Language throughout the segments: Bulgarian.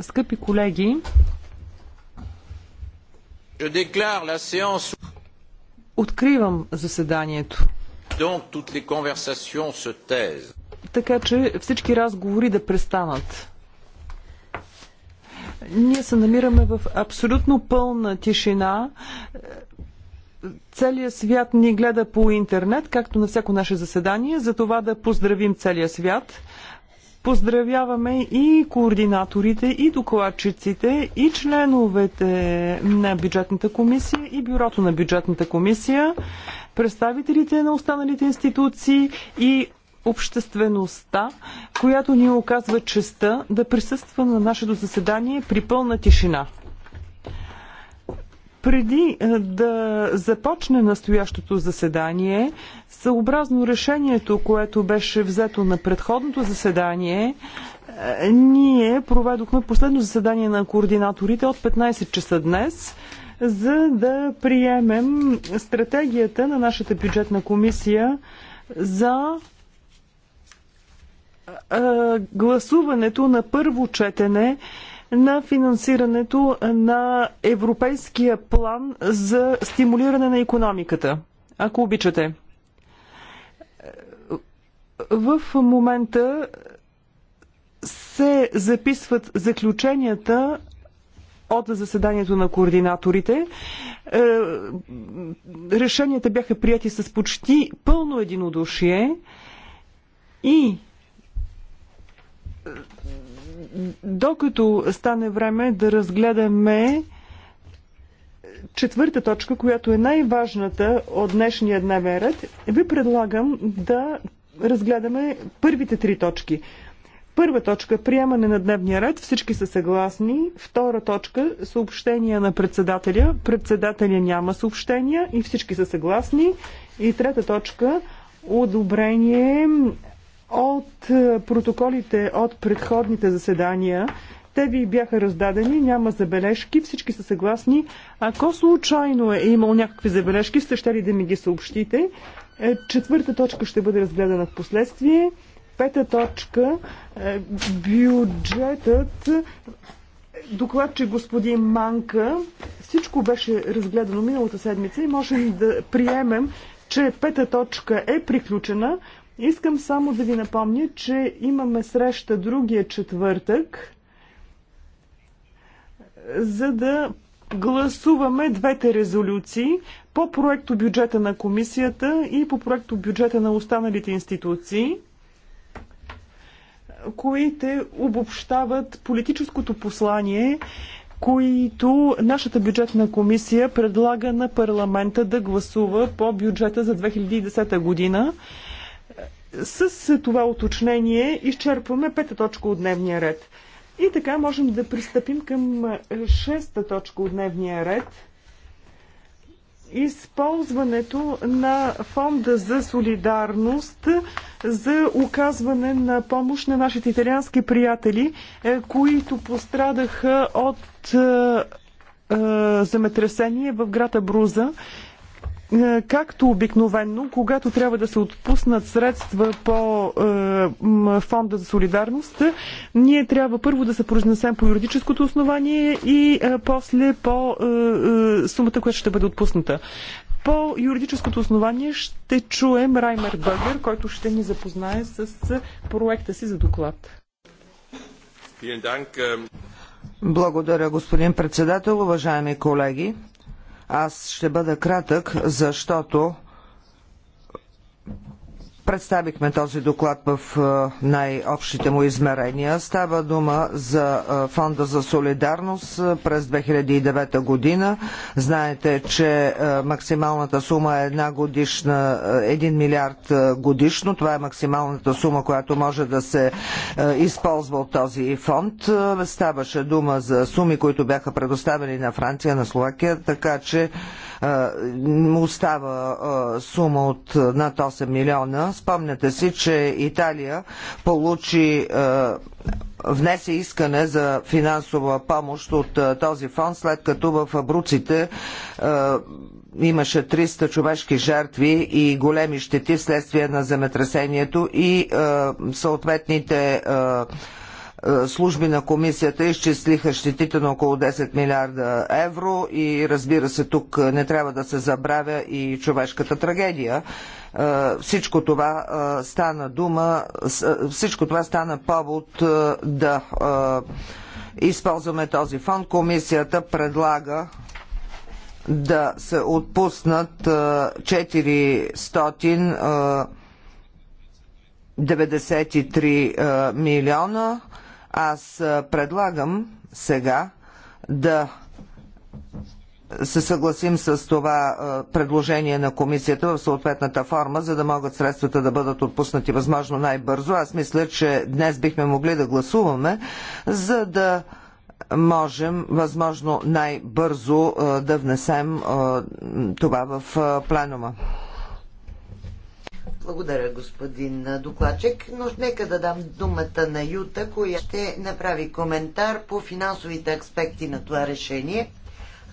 Скъпи колеги, откривам заседанието. Така че всички разговори да престанат. Ние се намираме в абсолютно пълна тишина. Целият свят ни гледа по интернет, както на всяко наше заседание. За това да поздравим целия свят. Поздравяваме и координаторите, и докладчиците, и членовете на бюджетната комисия, и бюрото на бюджетната комисия, представителите на останалите институции и обществеността, която ни оказва честа да присъства на нашето заседание при пълна тишина. Преди е, да започне настоящото заседание, съобразно решението, което беше взето на предходното заседание, е, ние проведохме последно заседание на координаторите от 15 часа днес, за да приемем стратегията на нашата бюджетна комисия за е, гласуването на първо четене на финансирането на Европейския план за стимулиране на економиката, ако обичате. В момента се записват заключенията от заседанието на координаторите. Е, решенията бяха прияти с почти пълно единодушие и докато стане време да разгледаме четвърта точка, която е най-важната от днешния дневен ред, ви предлагам да разгледаме първите три точки. Първа точка – приемане на дневния ред. Всички са съгласни. Втора точка – съобщения на председателя. Председателя няма съобщения и всички са съгласни. И трета точка – одобрение от е, протоколите от предходните заседания. Те ви бяха раздадени, няма забележки, всички са съгласни. Ако случайно е имал някакви забележки, сте ще ли да ми ги съобщите. Е, четвърта точка ще бъде разгледана в последствие. Пета точка е, бюджетът доклад, че господин Манка всичко беше разгледано миналата седмица и можем да приемем, че пета точка е приключена. Искам само да ви напомня, че имаме среща другия четвъртък, за да гласуваме двете резолюции по проекто бюджета на комисията и по проекто бюджета на останалите институции, които обобщават политическото послание, които нашата бюджетна комисия предлага на парламента да гласува по бюджета за 2010 година. С това уточнение изчерпваме пета точка от дневния ред. И така можем да пристъпим към шеста точка от дневния ред. Използването на фонда за солидарност за оказване на помощ на нашите италиански приятели, е, които пострадаха от е, е, земетресение в град Бруза. Е, както обикновено, когато трябва да се отпуснат средства по е, фонда за солидарност, ние трябва първо да се произнесем по юридическото основание и е, после по сумата, която ще бъде отпусната. По юридическото основание ще чуем Раймер Бъгер, който ще ни запознае с проекта си за доклад. Благодаря, господин председател, уважаеми колеги. Аз ще бъда кратък, защото Представихме този доклад в е, най-общите му измерения. Става дума за е, Фонда за солидарност е, през 2009 година. Знаете, че максималната сума е една годишна, 1 милиард годишно. Това е максималната сума, която може да се използва от този фонд. Ставаше дума за суми, които бяха предоставени на Франция, на Словакия, така че остава сума от над 8 милиона Спомняте си, че Италия получи е, внесе искане за финансова помощ от е, този фонд, след като в Абруците е, имаше 300 човешки жертви и големи щети вследствие на земетресението и съответните служби на комисията изчислиха щетите на около 10 милиарда евро и разбира се тук не трябва да се забравя и човешката трагедия. Всичко това стана дума, всичко това стана повод да използваме този фонд. Комисията предлага да се отпуснат 493 93 милиона. Аз предлагам сега да се съгласим с това предложение на комисията в съответната форма, за да могат средствата да бъдат отпуснати възможно най-бързо. Аз мисля, че днес бихме могли да гласуваме, за да можем възможно най-бързо да внесем това в пленума. Благодаря, господин докладчик, но нека да дам думата на Юта, която ще направи коментар по финансовите аспекти на това решение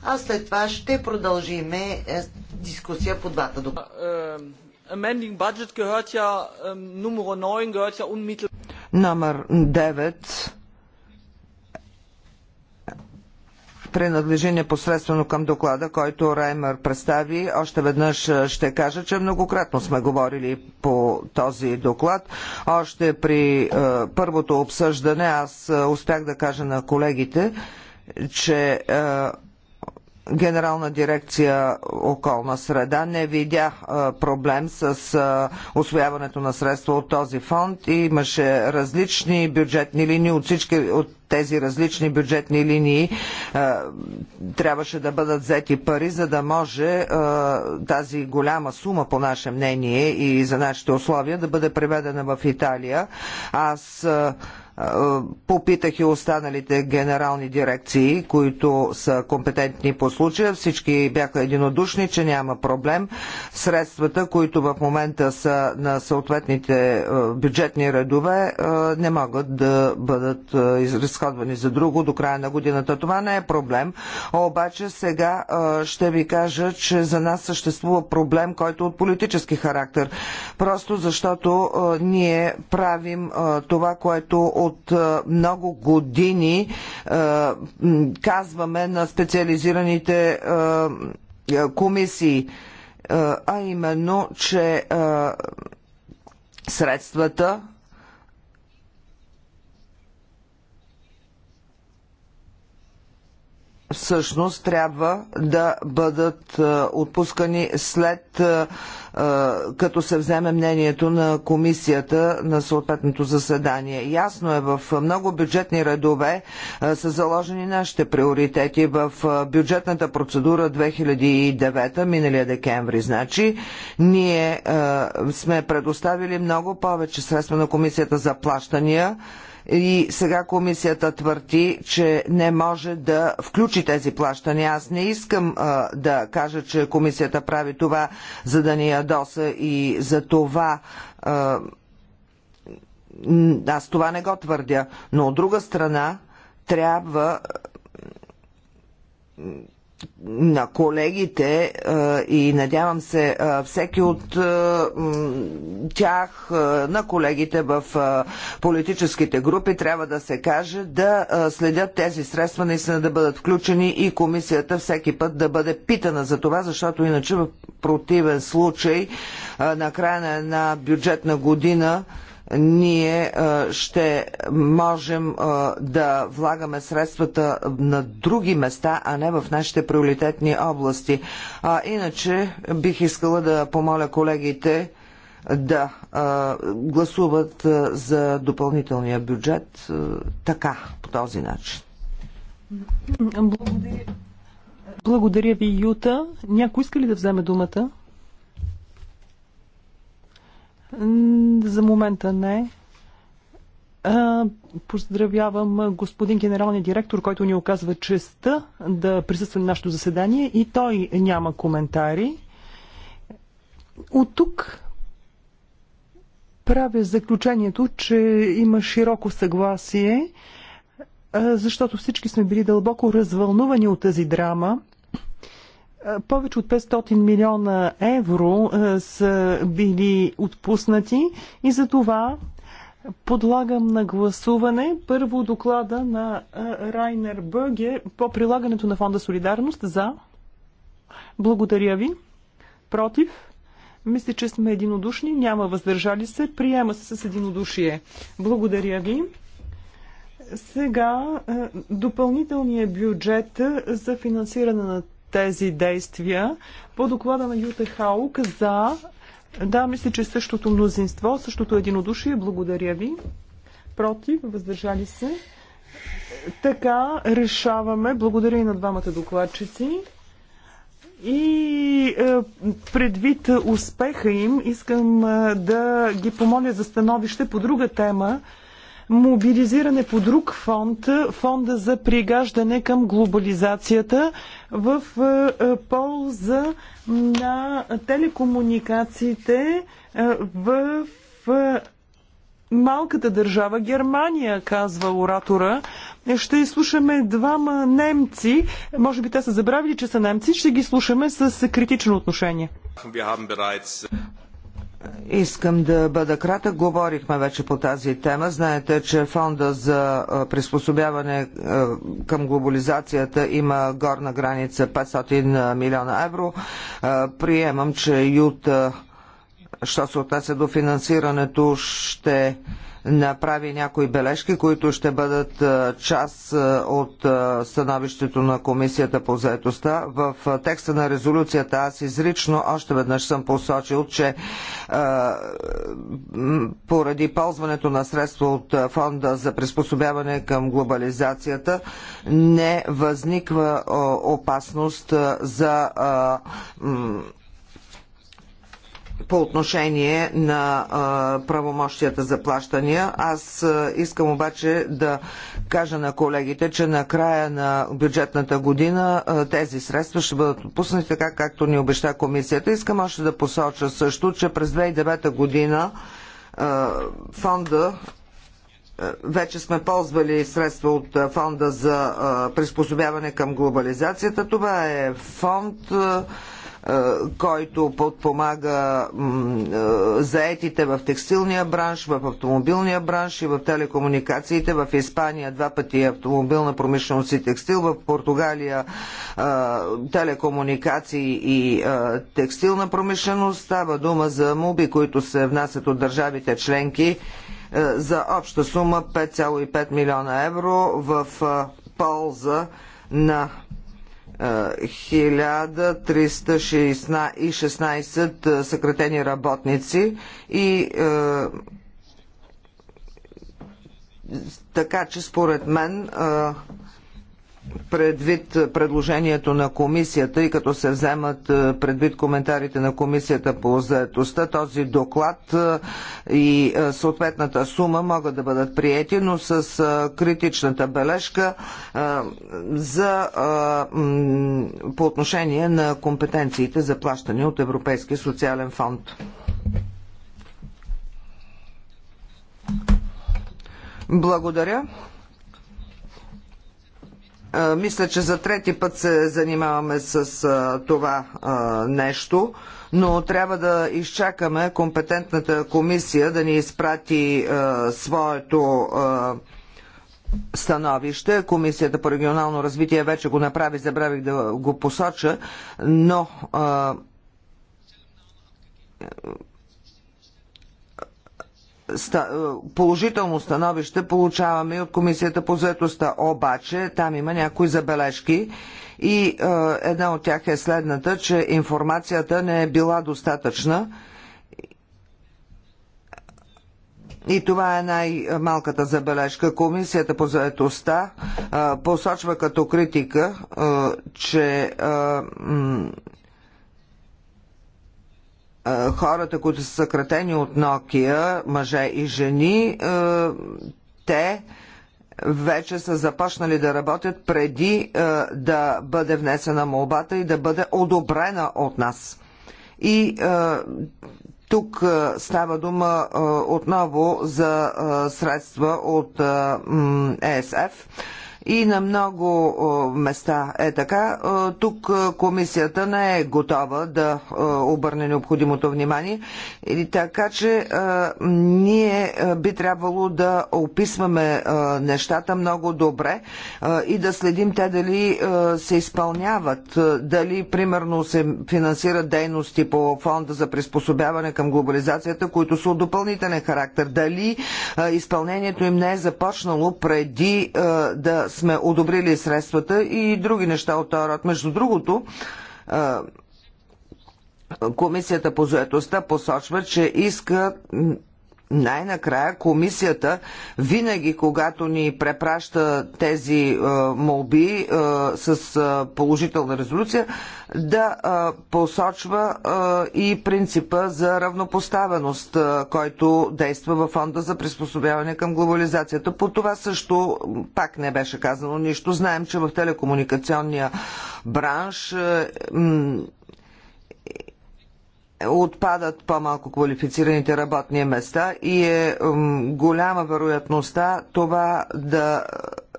а след това ще продължиме е, дискусия по двата доклада. Е, е, Номер 9 принадлежи непосредствено към доклада, който Раймер представи. Още веднъж ще кажа, че многократно сме говорили по този доклад. Още при е, първото обсъждане аз успях да кажа на колегите, че е, Генерална дирекция околна среда не видя проблем с освояването на средства от този фонд. Имаше различни бюджетни линии от всички от тези различни бюджетни линии трябваше да бъдат взети пари, за да може тази голяма сума, по наше мнение и за нашите условия, да бъде преведена в Италия. Аз е, попитах и останалите генерални дирекции, които са компетентни по случая. Всички бяха единодушни, че няма проблем. Средствата, които в момента са на съответните е, бюджетни редове, е, не могат да бъдат изразходвани за друго до края на годината. Това не е проблем. Обаче сега ще ви кажа, че за нас съществува проблем, който от политически характер. Просто защото ние правим това, което от е, много години е, казваме на специализираните е, комисии, а именно, че средствата всъщност трябва да бъдат е, отпускани след е, е, като се вземе мнението на комисията на съответното заседание. Ясно е, в много бюджетни редове са заложени нашите приоритети в бюджетната процедура 2009, миналия декември. Значи, ние сме предоставили много повече средства на комисията за плащания, и сега комисията твърди, че не може да включи тези плащания. Аз не искам а, да кажа, че комисията прави това, за да ни ядоса и за това. А, аз това не го твърдя. Но от друга страна, трябва на колегите и надявам се всеки от тях, на колегите в политическите групи, трябва да се каже да следят тези средства наистина да бъдат включени и комисията всеки път да бъде питана за това, защото иначе в противен случай на края на една бюджетна година ние ще можем да влагаме средствата на други места, а не в нашите приоритетни области. А, иначе бих искала да помоля колегите да гласуват за допълнителния бюджет така, по този начин. Благодаря. Благодаря ви, Юта. Някой иска ли да вземе думата? За момента не. Поздравявам господин генералния директор, който ни оказва честа да присъства на нашето заседание и той няма коментари. От тук правя заключението, че има широко съгласие, защото всички сме били дълбоко развълнувани от тази драма. Е, повече от 500 милиона евро е, са били отпуснати и за това Подлагам на гласуване първо доклада на е, Райнер Бъге по прилагането на фонда Солидарност за. Благодаря ви. Против. Мисля, че сме единодушни. Няма въздържали се. Приема се с единодушие. Благодаря ви. Сега допълнителният бюджет за финансиране на тези действия. По доклада на Юте Хаук за... Да, мисля, че същото мнозинство, същото единодушие. Благодаря ви. Против, въздържали се. Така решаваме. Благодаря и на двамата докладчици. И е, предвид успеха им, искам е, да ги помоля за становище по друга тема, мобилизиране по друг фонд, фонда за пригаждане към глобализацията в е, е, полза на телекомуникациите е, в малката държава Германия, казва оратора. Ще изслушаме двама немци. Може би те са забравили, че са немци. Ще ги слушаме с критично отношение. Искам да бъда кратък. Говорихме вече по тази тема. Знаете, че фонда за приспособяване към глобализацията има горна граница 500 милиона евро. Приемам, че ЮТ, що се отнася до финансирането, ще направи някои бележки, които ще бъдат част от становището на Комисията по заедостта. В текста на резолюцията аз изрично още веднъж съм посочил, че поради ползването на средства от фонда за приспособяване към глобализацията не възниква опасност за по отношение на правомощията за плащания. Аз искам обаче да кажа на колегите, че на края на бюджетната година тези средства ще бъдат отпуснати така, както ни обеща комисията. Искам още да посоча също, че през 2009 година фонда вече сме ползвали средства от фонда за приспособяване към глобализацията. Това е фонд е, който подпомага е, заетите в текстилния бранш, в автомобилния бранш и в телекомуникациите. В Испания два пъти е автомобилна промишленост и текстил, в Португалия телекомуникации и текстилна промишленост. Става дума за муби, които се внасят от държавите членки за обща сума 5,5 милиона евро в полза на 1316 съкратени работници и така че според мен предвид предложението на комисията и като се вземат е, предвид коментарите на комисията по заедостта, този доклад е, и е, съответната сума могат да бъдат приети, но с критичната бележка за, по отношение на компетенциите за плащане от Европейския социален фонд. Благодаря. Мисля, че за трети път се занимаваме с това нещо, но трябва да изчакаме компетентната комисия да ни изпрати своето становище. Комисията по регионално развитие вече го направи, забравих да го посоча, но положително становище получаваме и от Комисията по заетостта. обаче там има някои забележки и е, една от тях е следната, че информацията не е била достатъчна. И това е най-малката забележка. Комисията по заедостта е, посочва като критика, е, че хората, които са съкратени от Nokia, мъже и жени, те вече са започнали да работят преди да бъде внесена молбата и да бъде одобрена от нас. И тук става дума отново за средства от ЕСФ и на много места е така. Тук комисията не е готова да обърне необходимото внимание. И така че ние би трябвало да описваме нещата много добре и да следим те дали се изпълняват, дали примерно се финансират дейности по фонда за приспособяване към глобализацията, които са от допълнителен характер, дали изпълнението им не е започнало преди да сме одобрили средствата и други неща от този род. Между другото, Комисията по заедостта посочва, че иска най-накрая комисията винаги, когато ни препраща тези е, молби е, с е, положителна резолюция, да посочва и принципа за равнопоставеност, който действа във фонда за приспособяване към глобализацията. По това също пак не беше казано нищо. Знаем, че в телекомуникационния бранш отпадат по-малко квалифицираните работни места и е голяма вероятността това да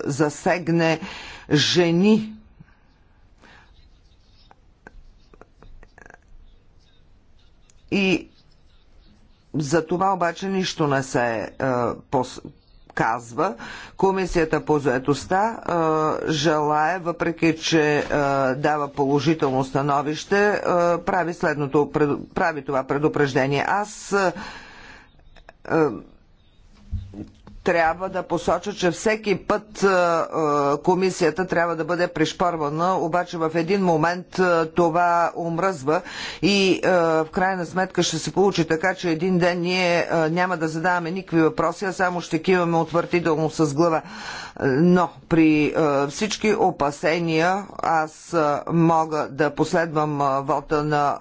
засегне жени. И за това обаче нищо не се е, казва, Комисията по заедостта е, желая, въпреки че е, дава положително становище, е, прави следното, пред, прави това предупреждение. Аз трябва да посоча, че всеки път е, е, комисията трябва да бъде пришпорвана, обаче в един момент е, това умръзва и в крайна сметка ще се получи така, че един ден ние няма да задаваме никакви въпроси, а само ще киваме отвъртително с глава. Но при е, всички опасения аз е, мога да последвам е, вота на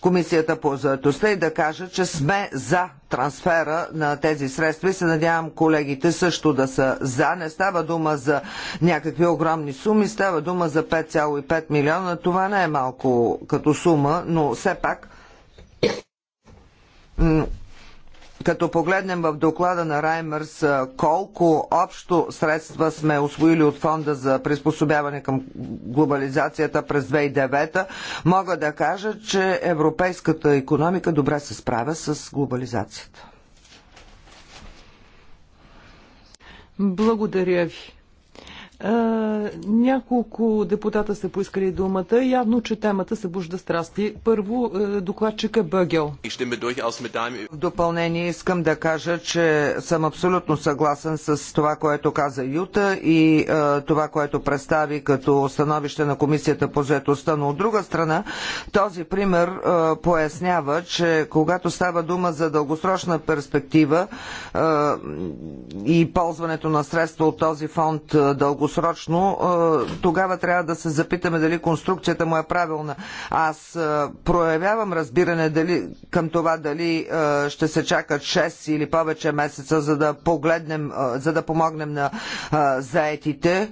Комисията по заедостта и да кажа, че сме за трансфера на тези средства и се надявам колегите също да са за. Не става дума за някакви огромни суми, става дума за 5,5 милиона. Това не е малко като сума, но все пак като погледнем в доклада на Раймърс колко общо средства сме освоили от фонда за приспособяване към глобализацията през 2009, мога да кажа, че европейската економика добре се справя с глобализацията. Благодаря ви. Е, няколко депутата са поискали думата. Явно, че темата събужда страсти. Първо, е, докладчика Бъгел. В допълнение искам да кажа, че съм абсолютно съгласен с това, което каза Юта и е, това, което представи като становище на Комисията по заедостта. Но от друга страна, този пример пояснява, че когато става дума за дългосрочна перспектива и ползването на средства от този фонд дългосрочно, дългосрочно, тогава трябва да се запитаме дали конструкцията му е правилна. Аз проявявам разбиране дали, към това дали ще се чакат 6 или повече месеца, за да погледнем, за да помогнем на заетите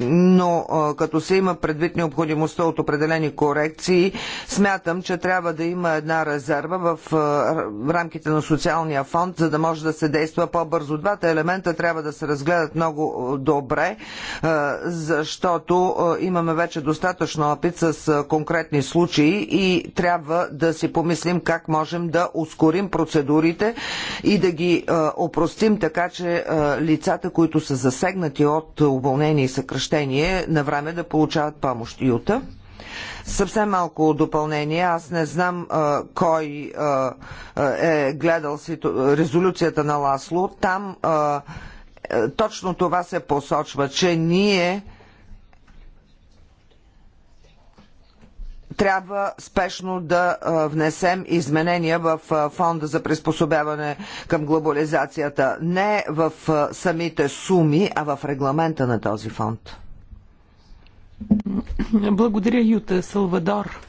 но като се има предвид необходимостта от определени корекции, смятам, че трябва да има една резерва в рамките на социалния фонд, за да може да се действа по-бързо. Двата елемента трябва да се разгледат много добре, защото имаме вече достатъчно опит с конкретни случаи и трябва да си помислим как можем да ускорим процедурите и да ги опростим така, че лицата, които са засегнати от уволнение и съкръщение, на време да получават помощ. Юта. Съвсем малко допълнение. Аз не знам а, кой а, е гледал ситу... резолюцията на Ласло. Там а, е, точно това се посочва, че ние трябва спешно да внесем изменения в фонда за приспособяване към глобализацията. Не в самите суми, а в регламента на този фонд. Благодаря, Юта Салвадор.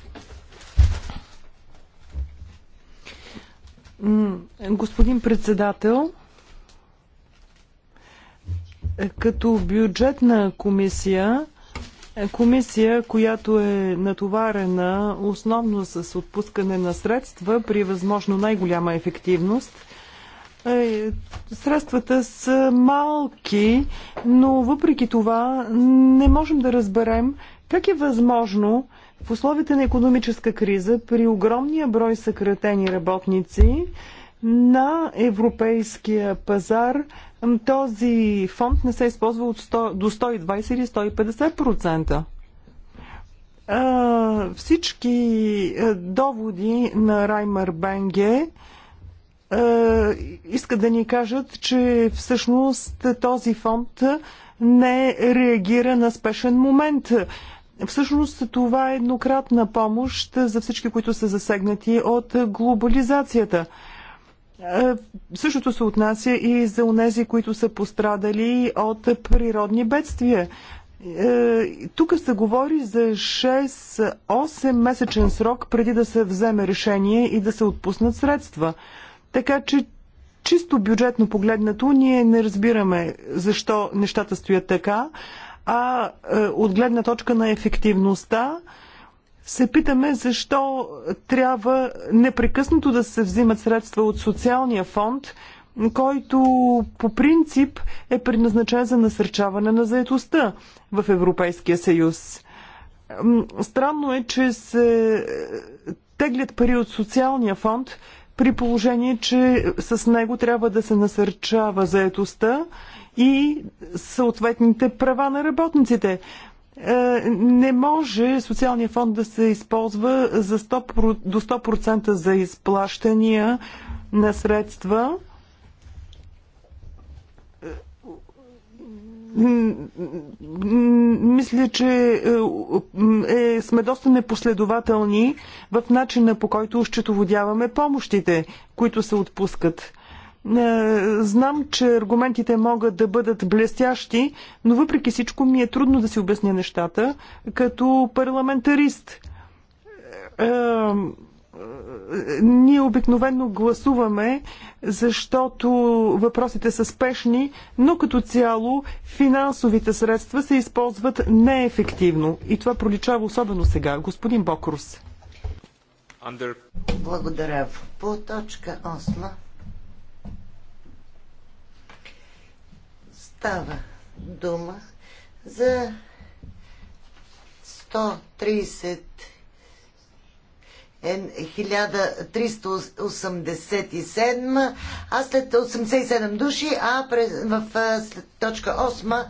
Господин председател, като бюджетна комисия, Комисия, която е натоварена основно с отпускане на средства при възможно най-голяма ефективност. Е, средствата са малки, но въпреки това не можем да разберем как е възможно в условията на економическа криза при огромния брой съкратени работници на европейския пазар този фонд не се използва от 100, до 120 или 150%. всички доводи на Раймер Бенге искат да ни кажат, че всъщност този фонд не реагира на спешен момент. Всъщност това е еднократна помощ за всички, които са засегнати от глобализацията. Е, същото се отнася и за онези, които са пострадали от природни бедствия. Е, тук се говори за 6-8 месечен срок преди да се вземе решение и да се отпуснат средства. Така че чисто бюджетно погледнато ние не разбираме защо нещата стоят така, а е, от гледна точка на ефективността се питаме защо трябва непрекъснато да се взимат средства от социалния фонд, който по принцип е предназначен за насърчаване на заетостта в Европейския съюз. Странно е, че се теглят пари от социалния фонд, при положение, че с него трябва да се насърчава заетостта и съответните права на работниците. Е, не може социалния фонд да се използва за 100, до 100% за изплащания на средства. мисля, че е, сме доста непоследователни в начина по който счетоводяваме помощите, които се отпускат. Е, знам, че аргументите могат да бъдат блестящи, но въпреки всичко ми е трудно да си обясня нещата като парламентарист. Е, е, ние обикновено гласуваме, защото въпросите са спешни, но като цяло финансовите средства се използват неефективно. И това проличава особено сега. Господин Бокрус. Under... Благодаря. По точка 8 става дума за 130 1387, а след 87 души, а през, в след точка 8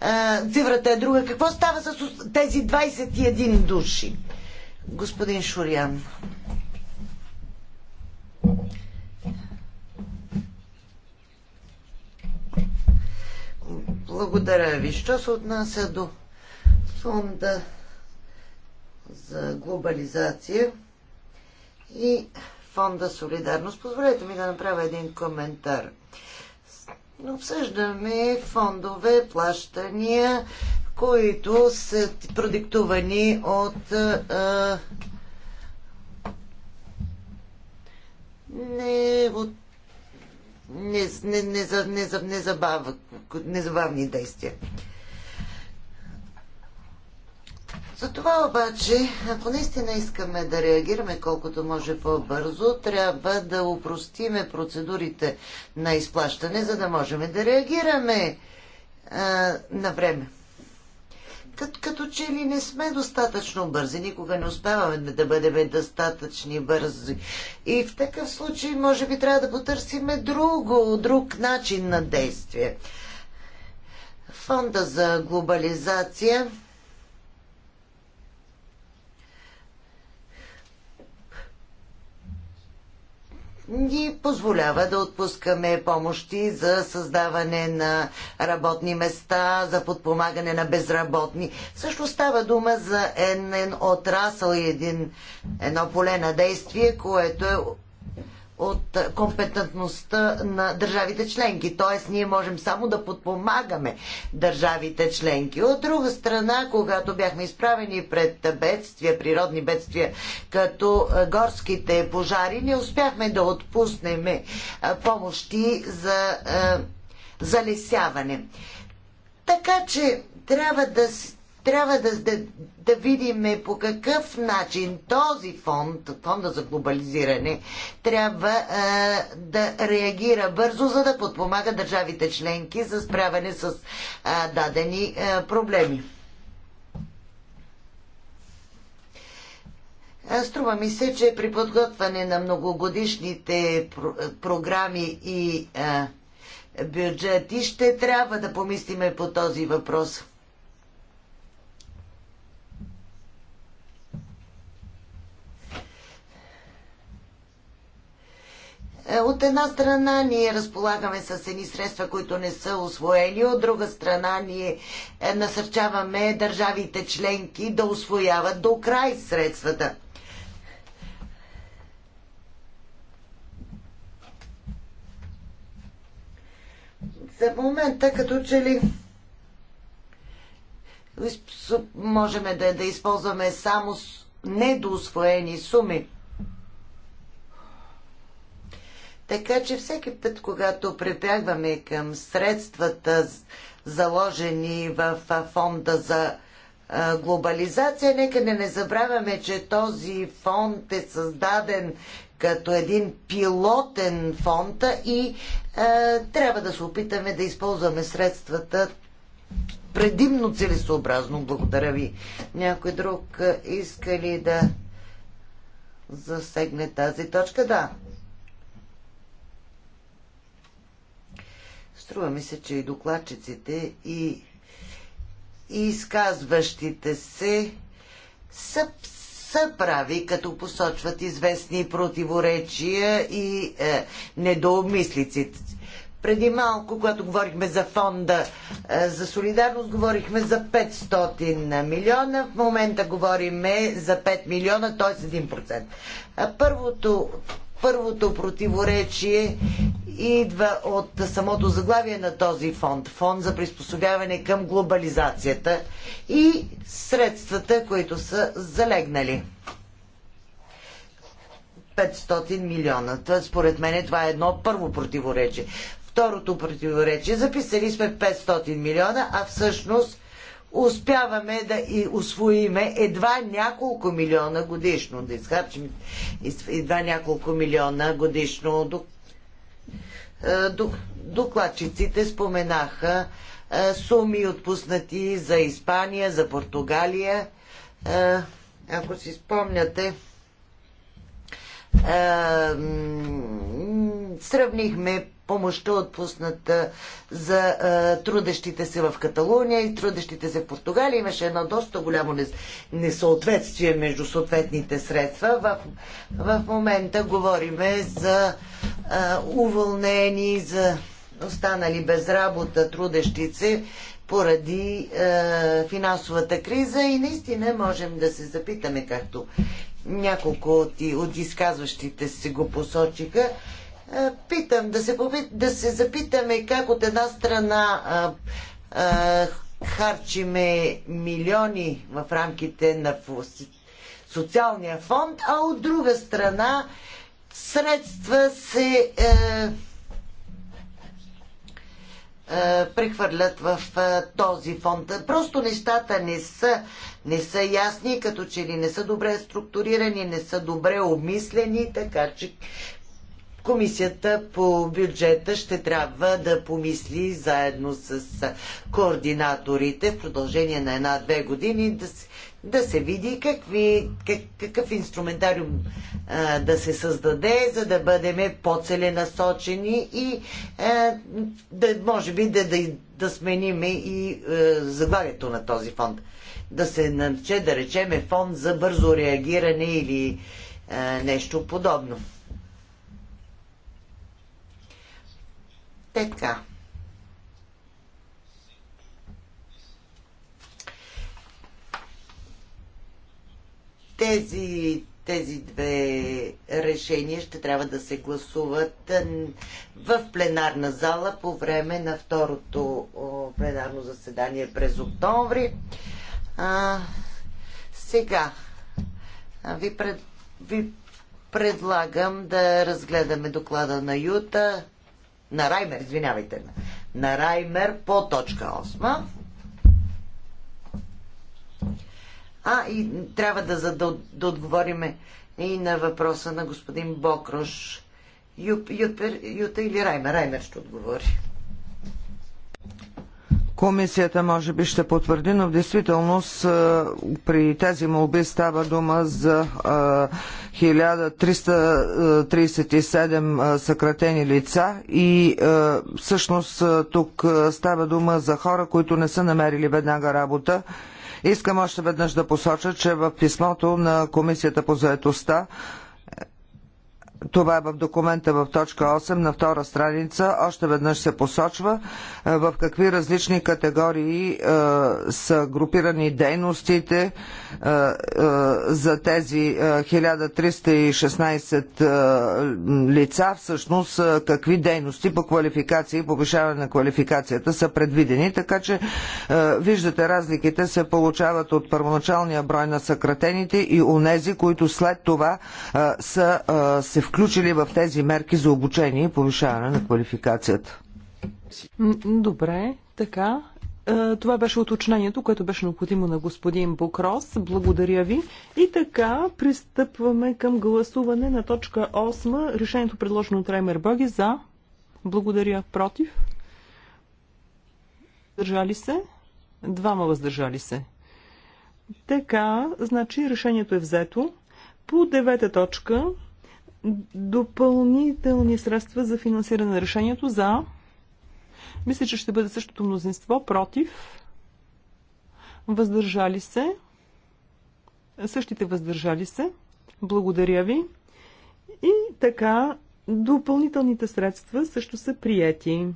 а, цифрата е друга. Какво става с тези 21 души? Господин Шурян. Благодаря ви. Що се отнася до фонда за глобализация и фонда Солидарност, позволете ми да направя един коментар. Обсъждаме фондове, плащания, които са продиктувани от а, не от незабавни действия. За това обаче, ако наистина искаме да реагираме колкото може по-бързо, трябва да упростиме процедурите на изплащане, за да можем да реагираме а, на време като, като че ли не сме достатъчно бързи, никога не успяваме да бъдем достатъчни бързи. И в такъв случай, може би, трябва да потърсиме друго, друг начин на действие. Фонда за глобализация ни позволява да отпускаме помощи за създаване на работни места, за подпомагане на безработни. Също става дума за един отрасъл и един, едно поле на действие, което е от компетентността на държавите членки. Тоест, ние можем само да подпомагаме държавите членки. От друга страна, когато бяхме изправени пред бедствия, природни бедствия, като горските пожари, не успяхме да отпуснем помощи за залесяване. Така че трябва да, трябва да, да, да видим по какъв начин този фонд, фонда за глобализиране, трябва а, да реагира бързо, за да подпомага държавите членки за справяне с а, дадени а, проблеми. Струва ми се, че при подготвяне на многогодишните програми и а, бюджети ще трябва да помислиме по този въпрос. Е, от една страна ние разполагаме с едни средства, които не са освоени, от друга страна ние е, насърчаваме държавите членки да освояват до край средствата. За момента, като че ли можем да, да използваме само недоусвоени суми. Така че всеки път, когато прибягваме към средствата, заложени в фонда за глобализация, нека не, не забравяме, че този фонд е създаден като един пилотен фонд и е, трябва да се опитаме да използваме средствата предимно целесообразно. Благодаря ви. Някой друг иска ли да засегне тази точка? Да. Струва ми се, че и докладчиците, и, и изказващите се са, са прави, като посочват известни противоречия и е, недоумислици. Преди малко, когато говорихме за фонда е, за солидарност, говорихме за 500 милиона. В момента говориме за 5 милиона, т.е. 1%. Първото, Първото противоречие идва от самото заглавие на този фонд фонд за приспособяване към глобализацията и средствата, които са залегнали. 500 милиона. Т.е. според мен това е едно първо противоречие. Второто противоречие. Записали сме 500 милиона, а всъщност успяваме да и освоиме едва няколко милиона годишно, да изхарчим едва няколко милиона годишно. Е, докладчиците споменаха е, суми отпуснати за Испания, за Португалия. Е, ако си спомняте, сравнихме помощта отпусната за а, трудещите се в Каталуния и трудещите се в Португалия. Имаше едно доста голямо несъответствие между съответните средства. В, в момента говориме за а, уволнени, за останали без работа трудещи се поради е, финансовата криза и наистина можем да се запитаме, както няколко от, от изказващите се го посочиха, е, питам, да се, попит, да се запитаме как от една страна а, а, харчиме милиони в рамките на социалния фонд, а от друга страна средства се е, е, прехвърлят в този фонд. Просто нещата не са, не са ясни, като че ли не са добре структурирани, не са добре обмислени, така че Комисията по бюджета ще трябва да помисли заедно с координаторите в продължение на една-две години да се, да се види какви, как, какъв инструментариум а, да се създаде, за да бъдем по-целенасочени и а, да, може би да, да, да сменим и а, заглавието на този фонд. Да се нарече, да речеме, фонд за бързо реагиране или а, нещо подобно. Така. Тези, тези две решения ще трябва да се гласуват е, в пленарна зала по време на второто пленарно заседание през октомври. А, сега ви, пред, ви предлагам да разгледаме доклада на Юта на Раймер, извинявайте ме, на Раймер по точка 8. А, и трябва да, да, да отговориме и на въпроса на господин Бокрош. Ю, Юпер, Юта или Раймер? Раймер ще отговори. Комисията може би ще потвърди, но в действителност при тези молби става дума за 1337 съкратени лица и всъщност тук става дума за хора, които не са намерили веднага работа. Искам още веднъж да посоча, че в писмото на Комисията по заедостта това е в документа в точка 8 на втора страница. Още веднъж се посочва е, в какви различни категории е, са групирани дейностите е, е, за тези 1316 е, е, лица. Всъщност какви дейности по квалификация и повишаване на квалификацията са предвидени. Така че виждате разликите се получават от първоначалния брой на съкратените и унези, които след това са се включени включили в тези мерки за обучение и повишаване на квалификацията. Добре, така. Е, това беше уточнението, което беше необходимо на господин Бокрос. Благодаря ви. И така, пристъпваме към гласуване на точка 8. Решението предложено от Раймер Бъги за. Благодаря. Против. Държали се. Двама въздържали се. Така, значи решението е взето. По девета точка Допълнителни средства за финансиране на решението за. Мисля, че ще бъде същото мнозинство против. Въздържали се. Същите въздържали се. Благодаря ви. И така, допълнителните средства също са прияти.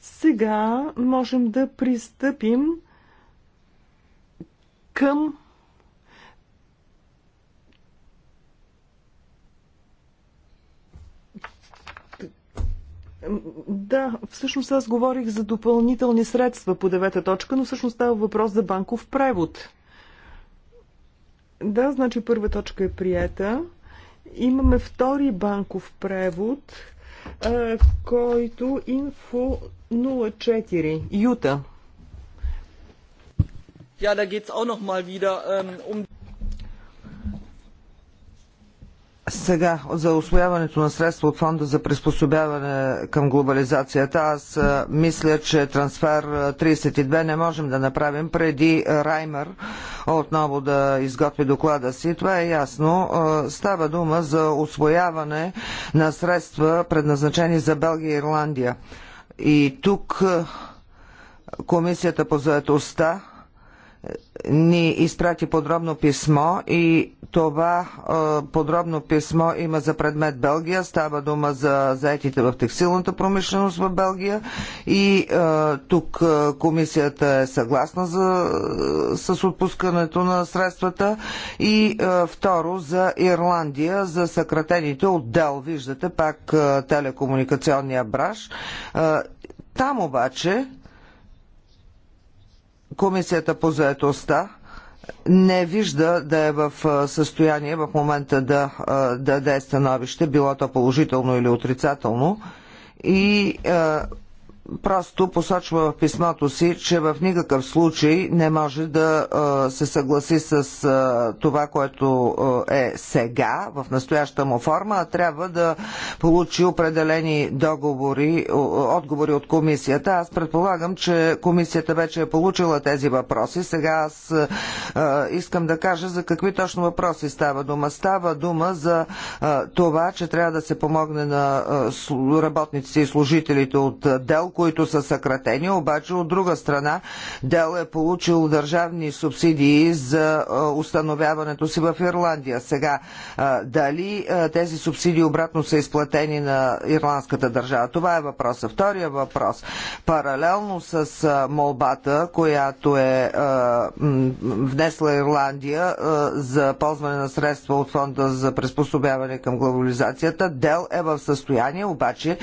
Сега можем да пристъпим към Да, всъщност аз говорих за допълнителни средства по девета точка, но всъщност става въпрос за банков превод. Да, значи първа точка е приета. Имаме втори банков превод, който инфо 04, Юта. Ja, da geht's auch noch mal wieder ähm, um Сега, за освояването на средства от фонда за приспособяване към глобализацията, аз мисля, че трансфер 32 не можем да направим преди Раймер отново да изготви доклада си. Това е ясно. Става дума за освояване на средства, предназначени за Белгия и Ирландия. И тук Комисията по заедостта ни изпрати подробно писмо и това е, подробно писмо има за предмет Белгия. Става дума за заетите в текстилната промишленост в Белгия и е, тук е, комисията е съгласна за, е, с отпускането на средствата и е, второ за Ирландия, за съкратените отдел. Виждате пак е, телекомуникационния браш. Там обаче Комисията по заетостта не вижда да е в състояние в момента да, да даде становище, било то положително или отрицателно. И просто посочва в писмото си, че в никакъв случай не може да се съгласи с това, което е сега, в настояща му форма, а трябва да получи определени договори, отговори от комисията. Аз предполагам, че комисията вече е получила тези въпроси. Сега аз искам да кажа за какви точно въпроси става дума. Става дума за това, че трябва да се помогне на работниците и служителите от Делко които са съкратени, обаче от друга страна Дел е получил държавни субсидии за установяването си в Ирландия. Сега, дали тези субсидии обратно са изплатени на ирландската държава? Това е въпроса. Втория въпрос. Паралелно с молбата, която е внесла Ирландия за ползване на средства от фонда за приспособяване към глобализацията, Дел е в състояние обаче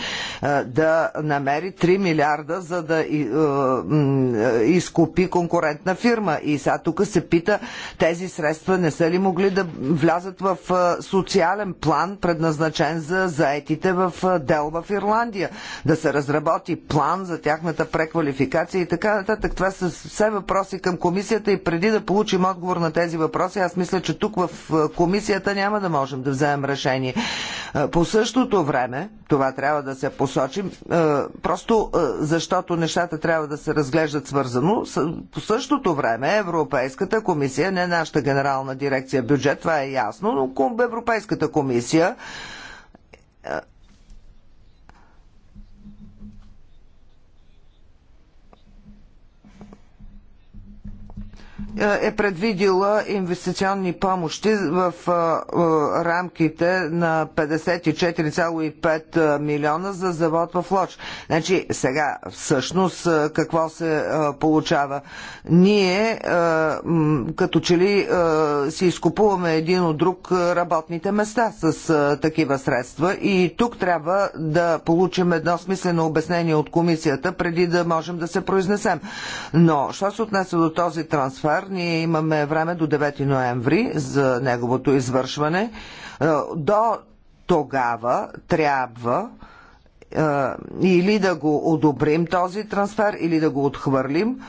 да намери 3 милиарда, за да е, е, изкупи конкурентна фирма. И сега тук се пита, тези средства не са ли могли да влязат в е, социален план, предназначен за заетите в дел в Ирландия, да се разработи план за тяхната преквалификация и така нататък. Това са все въпроси към комисията и преди да получим отговор на тези въпроси, аз мисля, че тук в комисията няма да можем да вземем решение. По същото време, това трябва да се посочи, просто защото нещата трябва да се разглеждат свързано, по същото време Европейската комисия, не нашата генерална дирекция бюджет, това е ясно, но Европейската комисия е предвидила инвестиционни помощи в рамките на 54,5 милиона за завод в Лоч. Значи сега всъщност какво се получава? Ние като че ли си изкупуваме един от друг работните места с такива средства и тук трябва да получим едно смислено обяснение от комисията преди да можем да се произнесем. Но, що се отнася до този трансфер, ние имаме време до 9 ноември за неговото извършване. Е, до тогава трябва е, или да го одобрим този трансфер, или да го отхвърлим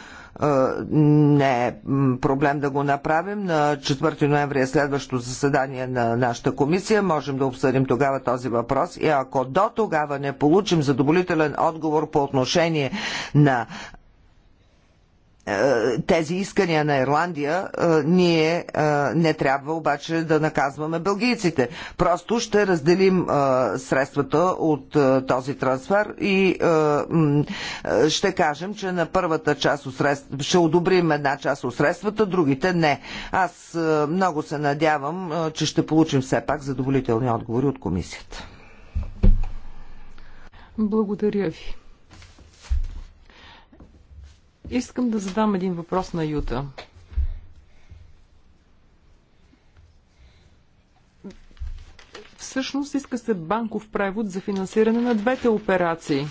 е, не е проблем да го направим. На 4 ноември е следващото заседание на нашата комисия. Можем да обсъдим тогава този въпрос и ако до тогава не получим задоволителен отговор по отношение на е, тези искания на Ирландия, е, ние е, не трябва обаче да наказваме бългийците. Просто ще разделим средствата от този трансфер и ще кажем, че на първата част от средствата ще одобрим една част от средствата, другите не. Аз много се надявам, че ще получим все пак задоволителни отговори от комисията. Благодаря ви. Искам да задам един въпрос на Юта. Всъщност иска се банков превод за финансиране на двете операции.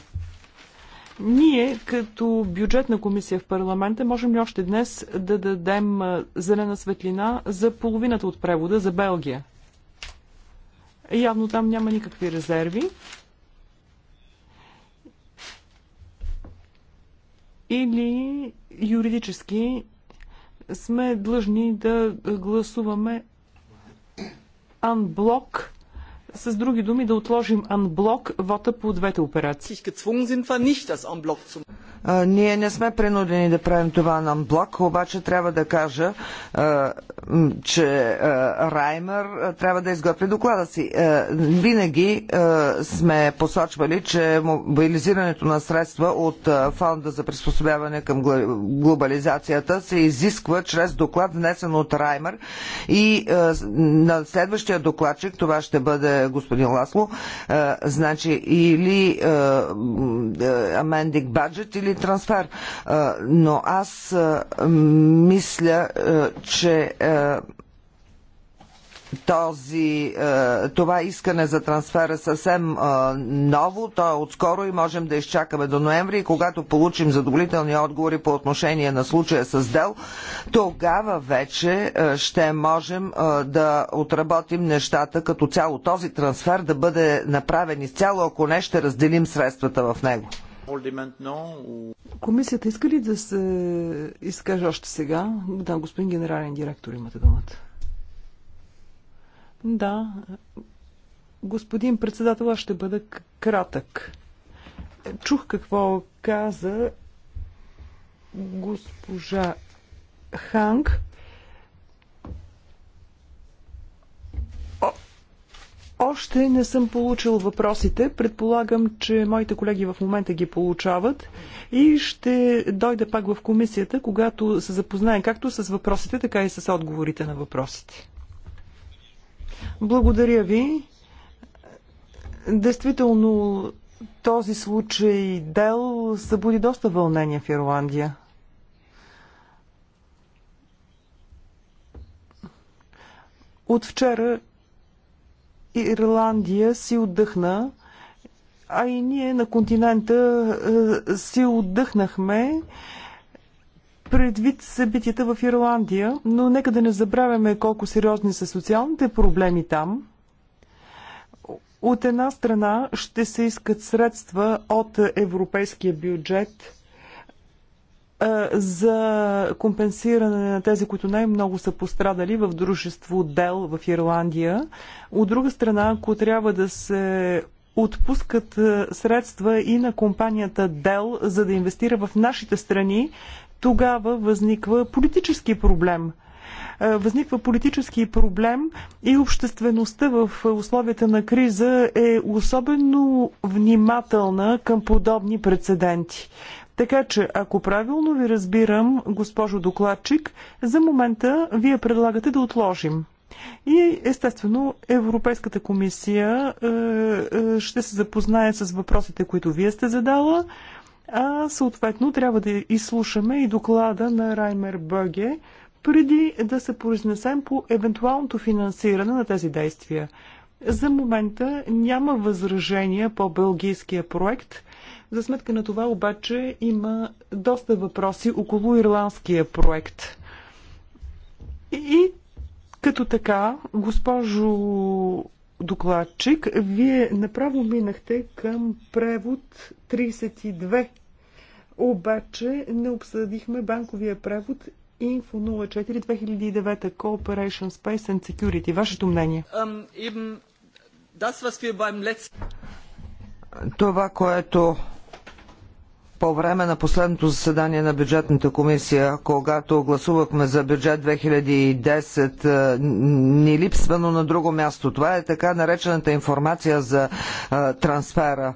Ние, като бюджетна комисия в парламента, можем ли още днес да дадем зелена светлина за половината от превода за Белгия? Явно там няма никакви резерви. или юридически сме длъжни да гласуваме анблок с други думи, да отложим анблок вота по двете операции. ние не сме принудени да правим това на анблок, обаче трябва да кажа, че Раймер трябва да изготви доклада си. Винаги сме посочвали, че мобилизирането на средства от фонда за приспособяване към глобализацията се изисква чрез доклад внесен от Раймер и на следващия докладчик това ще бъде господин Ласло. Е, значи или amending е, budget е, или трансфер. Но аз мисля, че този, е, това искане за трансфер е съвсем ново, то е отскоро и можем да изчакаме до ноември. И когато получим задоволителни отговори по отношение на случая с Дел, тогава вече е, ще можем е, да отработим нещата като цяло. Този трансфер да бъде направен изцяло, ако не ще разделим средствата в него. Комисията иска ли да се изкаже още сега? Да, господин генерален директор, имате думата. Да, господин председател, аз ще бъда кратък. Чух какво каза госпожа Ханг. още не съм получил въпросите. Предполагам, че моите колеги в момента ги получават и ще дойда пак в комисията, когато се запознаем както с въпросите, така и с отговорите на въпросите. Благодаря ви. Действително, този случай Дел събуди доста вълнение в Ирландия. От вчера Ирландия си отдъхна, а и ние на континента е, си отдъхнахме предвид събитията в Ирландия, но нека да не забравяме колко сериозни са социалните проблеми там. От една страна ще се искат средства от европейския бюджет за компенсиране на тези, които най-много са пострадали в дружество Дел в Ирландия. От друга страна, ако трябва да се отпускат средства и на компанията Дел, за да инвестира в нашите страни, тогава възниква политически проблем е, възниква политически проблем и обществеността в условията на криза е особено внимателна към подобни прецеденти. Така че, ако правилно ви разбирам, госпожо докладчик, за момента вие предлагате да отложим. И естествено Европейската комисия е, е, ще се запознае с въпросите, които вие сте задала а съответно трябва да изслушаме и доклада на Раймер Бъге, преди да се произнесем по евентуалното финансиране на тези действия. За момента няма възражения по бългийския проект. За сметка на това обаче има доста въпроси около ирландския проект. И като така, госпожо докладчик, вие направо минахте към превод 32. Обаче не обсъдихме банковия превод Info 04 2009 Cooperation Space and Security. Вашето мнение? Това, което по време на последното заседание на бюджетната комисия, когато гласувахме за бюджет 2010, е, ни липсва, но на друго място. Това е така наречената информация за а, е, трансфера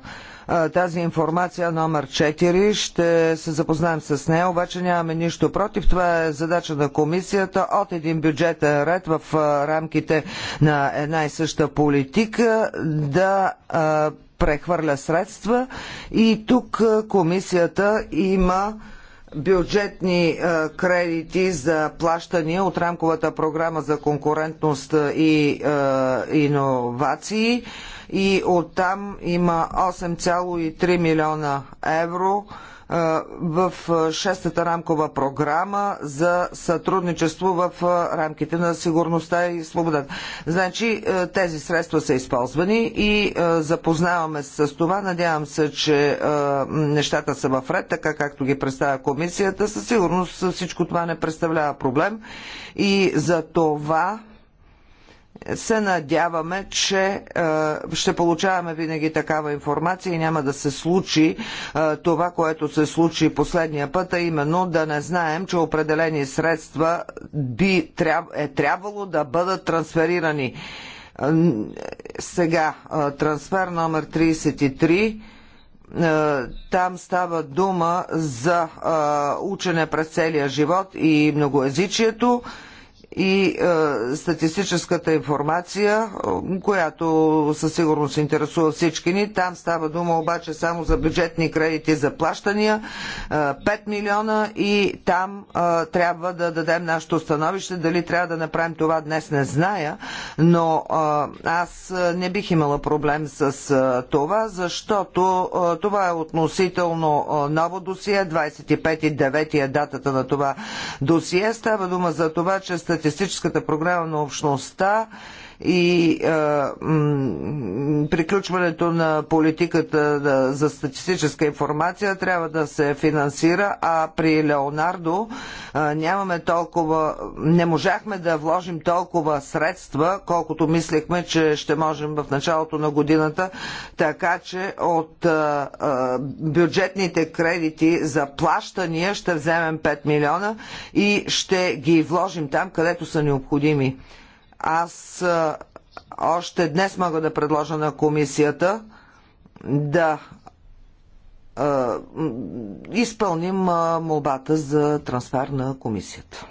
е, тази информация номер 4. Ще се запознаем с нея, обаче нямаме нищо против. Това е задача на комисията от един бюджетен ред в рамките на една и съща политика да прехвърля средства и тук комисията има бюджетни кредити за плащания от рамковата програма за конкурентност и иновации и оттам има 8,3 милиона евро в шестата рамкова програма за сътрудничество в рамките на сигурността и свободата. Значи тези средства са използвани и запознаваме се с това. Надявам се, че нещата са в ред, така както ги представя комисията. Със сигурност всичко това не представлява проблем и за това се надяваме, че е, ще получаваме винаги такава информация и няма да се случи е, това, което се случи последния път, а именно да не знаем, че определени средства би, е трябвало да бъдат трансферирани. Е, сега, трансфер номер 33 там става дума за учене през целия живот и многоязичието и е, статистическата информация, която със сигурност интересува всички ни. Там става дума обаче само за бюджетни кредити за плащания, е, 5 милиона и там е, трябва да дадем нашето становище. Дали трябва да направим това днес не зная, но е, аз не бих имала проблем с е, това, защото е, това е относително е, ново досие. 25 и 9 е датата на това досие. Става дума за това, че статистическата статистическата програма на общността и м- приключването на политиката за статистическа информация трябва да се финансира, а при Леонардо а, нямаме толкова, не можахме да вложим толкова средства, колкото мислехме, че ще можем в началото на годината, така че от а, бюджетните кредити за плащания ще вземем 5 милиона и ще ги вложим там, където са необходими. Аз още днес мога да предложа на комисията да изпълним молбата за трансфер на комисията.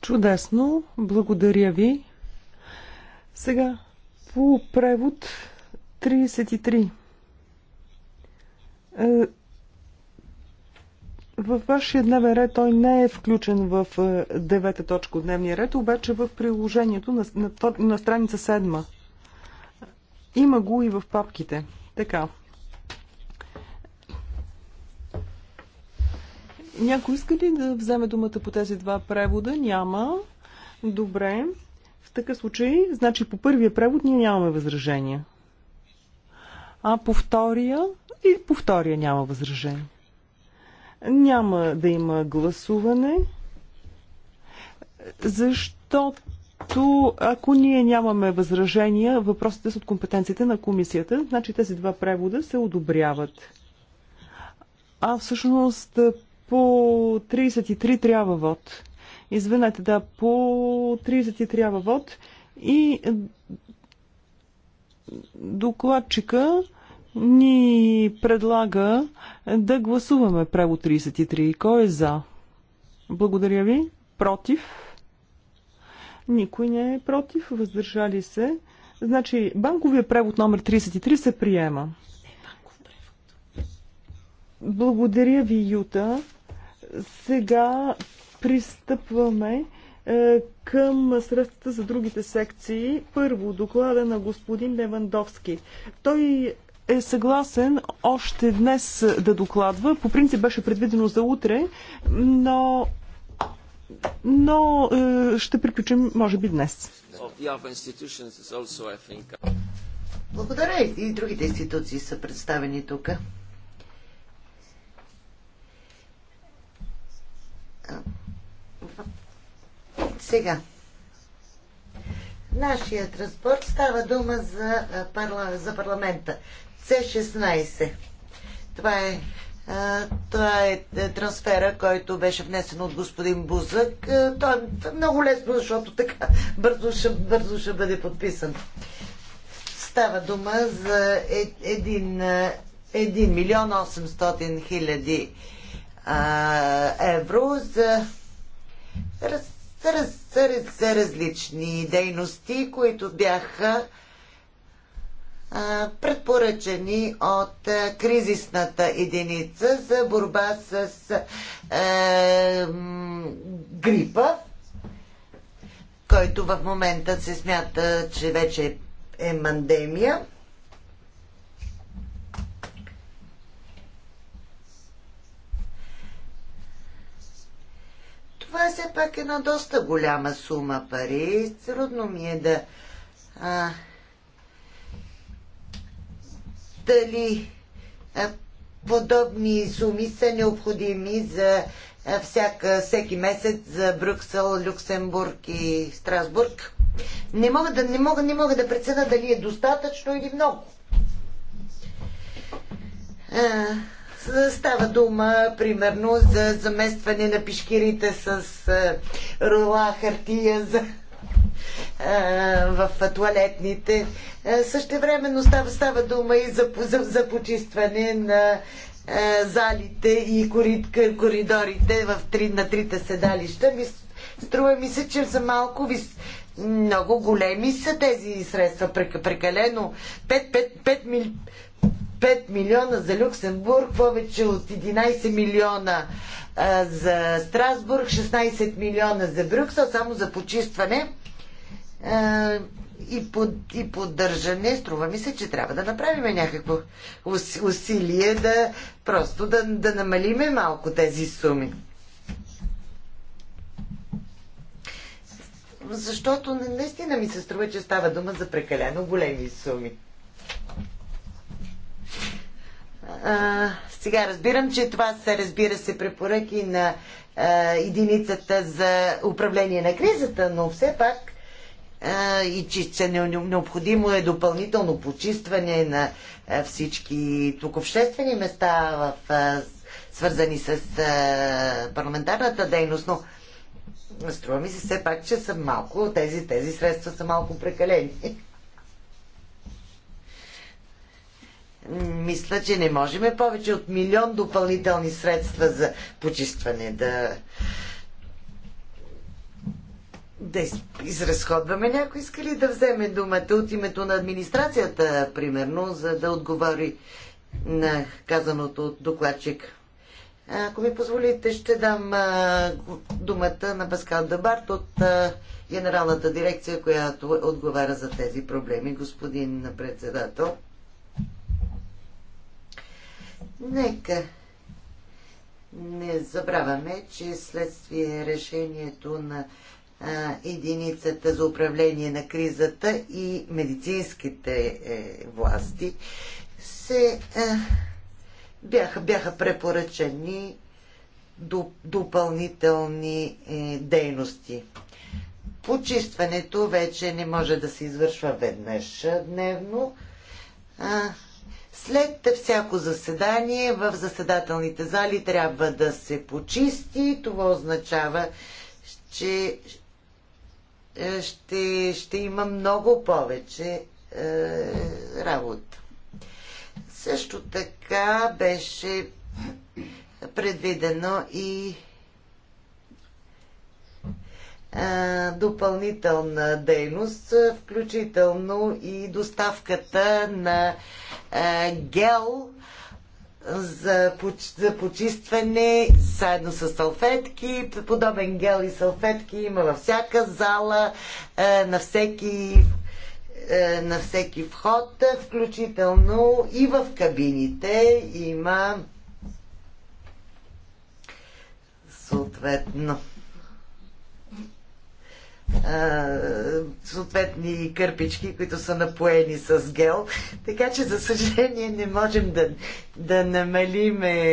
Чудесно, благодаря ви. Сега по превод 33. Във вашия дневен ред той не е включен в е, девета точка от дневния ред, обаче в приложението на, на, на страница седма. Има го и в папките. Така. Някой иска ли да вземе думата по тези два превода? Няма. Добре. В такъв случай, значи по първия превод ние нямаме възражения. А по втория и по втория няма възражения. Няма да има гласуване, защото ако ние нямаме възражения, въпросите са от компетенциите на комисията, значи тези два превода се одобряват. А всъщност по 33 трябва вод. Извинете, да, по 33 трябва вод и докладчика ни предлага да гласуваме право 33. Кой е за? Благодаря ви. Против? Никой не е против. Въздържали се. Значи, банковия превод номер 33 се приема. Благодаря ви, Юта. Сега пристъпваме е, към средствата за другите секции. Първо, доклада на господин Левандовски. Той е съгласен още днес да докладва. По принцип беше предвидено за утре, но, но е, ще приключим, може би, днес. Благодаря. И другите институции са представени тук. Сега. Нашия транспорт става дума за, парла, за парламента. C16. Това е, това е, е трансфера, който беше внесен от господин Бузък. Той е много лесно, защото така бързо ще, бързо ще бъде подписан. Става дума за 1, е, милион 800 хиляди евро за раз, раз, раз, различни дейности, които бяха предпоръчани от кризисната единица за борба с е, грипа, който в момента се смята, че вече е мандемия. Това е все пак една доста голяма сума пари. Трудно ми е да а, дали подобни суми са необходими за всяка, всеки месец за Брюксел, Люксембург и Страсбург. Не мога да, не мога, не мога да преценя дали е достатъчно или много. А, става дума, примерно, за заместване на пишкирите с а, рула хартия, за в туалетните. Същевременно става, става дума и за, за, за почистване на залите и коридорите в три, на трите седалища. Ми, струва ми се, че за малко ви, много големи са тези средства, прекалено. 5, 5, 5, мили, 5 милиона за Люксембург, повече от 11 милиона за Страсбург, 16 милиона за Брюксел, само за почистване и, и поддържане. Струва ми се, че трябва да направим някакво усилие да просто да, да намалиме малко тези суми. Защото наистина ми се струва, че става дума за прекалено големи суми сега разбирам, че това са, разбира се, препоръки на а, единицата за управление на кризата, но все пак а, и че, се необходимо е допълнително почистване на а, всички тук обществени места, в, а, свързани с а, парламентарната дейност, но струва ми се все пак, че са малко, тези, тези средства са малко прекалени. мисля, че не можем повече от милион допълнителни средства за почистване да да изразходваме. Някой иска ли да вземе думата от името на администрацията, примерно, за да отговори на казаното от докладчик? Ако ми позволите, ще дам а, думата на Паскал Дабарт от а, Генералната дирекция, която отговаря за тези проблеми, господин председател. Нека не забравяме, че следствие решението на а, единицата за управление на кризата и медицинските е, власти се а, бяха, бяха препоръчени допълнителни е, дейности. Почистването вече не може да се извършва веднъж дневно. А, след всяко заседание в заседателните зали трябва да се почисти. Това означава, че е, ще, ще има много повече е, работа. Също така беше предвидено и допълнителна дейност, включително и доставката на гел за, почистване заедно с салфетки. Подобен гел и салфетки има във всяка зала, на всеки на всеки вход, включително и в кабините има съответно съответни кърпички, които са напоени с гел. Така че, за съжаление, не можем да, да намалиме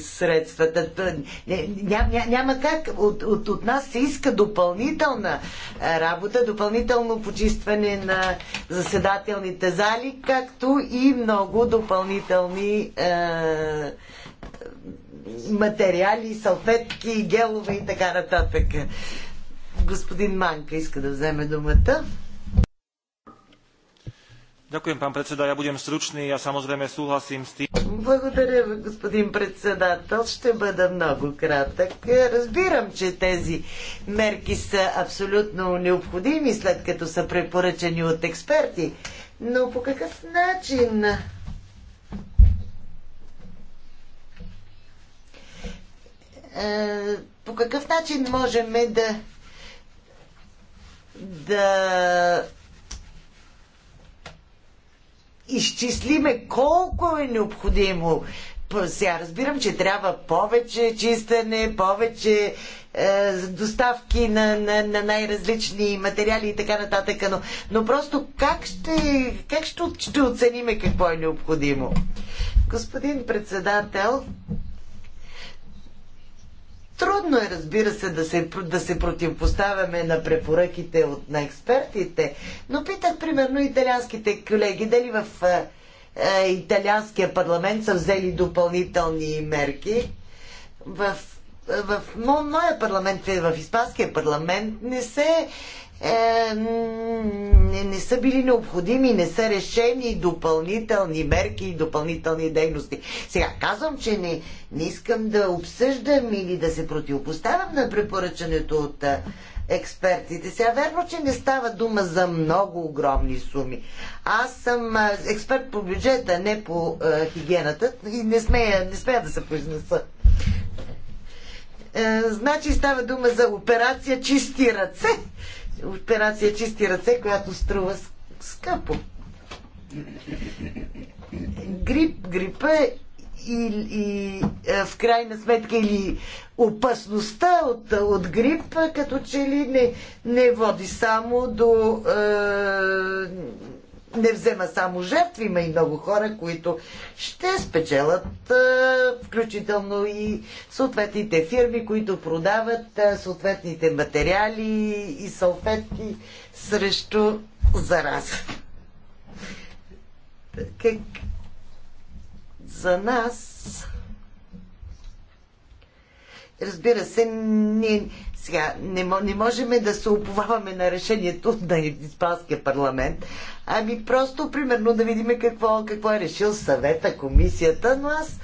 средствата. Ням, ням, няма как. От, от, от нас се иска допълнителна работа, допълнително почистване на заседателните зали, както и много допълнителни А, материали, салфетки, гелове и така нататък. Господин Манка иска да вземе думата. Ďakujem, pán predseda, ja budem stručný, ja samozrejme súhlasím s tým. Благодаря ви, господин председател. Ще бъда много кратък. Разбирам, че тези мерки са абсолютно необходими, след като са препоръчени от експерти. Но по какъв начин е, по какъв начин можем да да изчислиме колко е необходимо. Сега разбирам, че трябва повече чистане, повече е, доставки на, на, на най-различни материали и така нататък, но, но просто как ще, как ще, ще оцениме какво е необходимо? Господин председател, Трудно е, разбира се, да се, да се противопоставяме на препоръките от, на експертите, но питах, примерно, италианските колеги дали в е, е, италианския парламент са взели допълнителни мерки в в моя парламент, е в Испанския парламент не се е, не, не са били необходими, не са решени допълнителни мерки и допълнителни дейности. Сега казвам, че не, не искам да обсъждам или да се противопоставям на препоръчането от е, експертите. Сега верно, че не става дума за много огромни суми. Аз съм е, експерт по бюджета, не по е, хигиената и не смея, не смея да се произнеса е, значи става дума за операция чисти ръце. Операция чисти ръце, която струва скъпо. Грип, грипа и, и е, в крайна сметка или опасността от, от грип, като че ли не, не води само до е, не взема само жертви, има и много хора, които ще спечелят, включително и съответните фирми, които продават съответните материали и салфетки срещу зараза. Как за нас Разбира се, ние, сега, не, не можем да се уповаваме на решението на Испанския парламент, ами просто, примерно, да видим какво, какво е решил съвета, комисията, но аз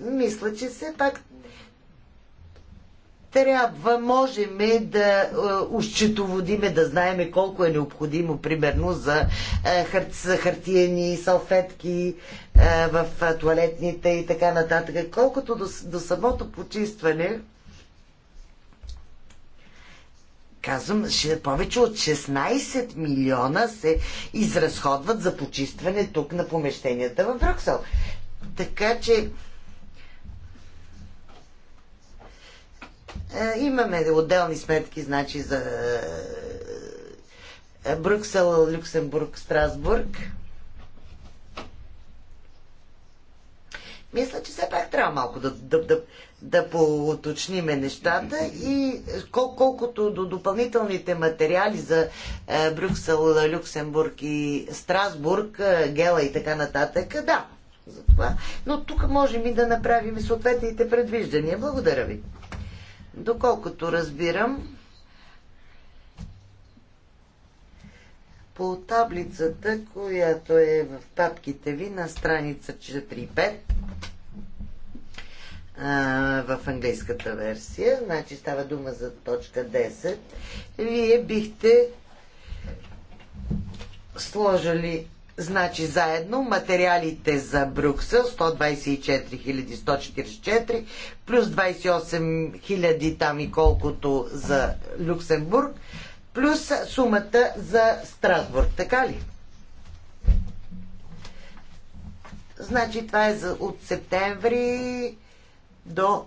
мисля, че все пак трябва, можем да е, ощетоводиме, да знаеме колко е необходимо, примерно, за, е, хартиени салфетки е, в туалетните и така нататък. Колкото до, до самото почистване, казвам, повече от 16 милиона се изразходват за почистване тук на помещенията в Брюксел. Така че Е, имаме отделни сметки, значи, за е, Брюксел, Люксембург, Страсбург. Мисля, че все пак трябва малко да, да, да, да поуточниме нещата и кол, колкото до допълнителните материали за е, Брюксел, Люксембург и Страсбург, е, Гела и така нататък, да. Затова. Но тук можем и да направим съответните предвиждания. Благодаря ви. Доколкото разбирам, по таблицата, която е в папките ви на страница 4.5 в английската версия, значи става дума за точка 10, вие бихте сложили Значи заедно материалите за Брюксел 124 144 плюс 28 000 там и колкото за Люксембург плюс сумата за Страсбург. Така ли? Значи това е за, от септември до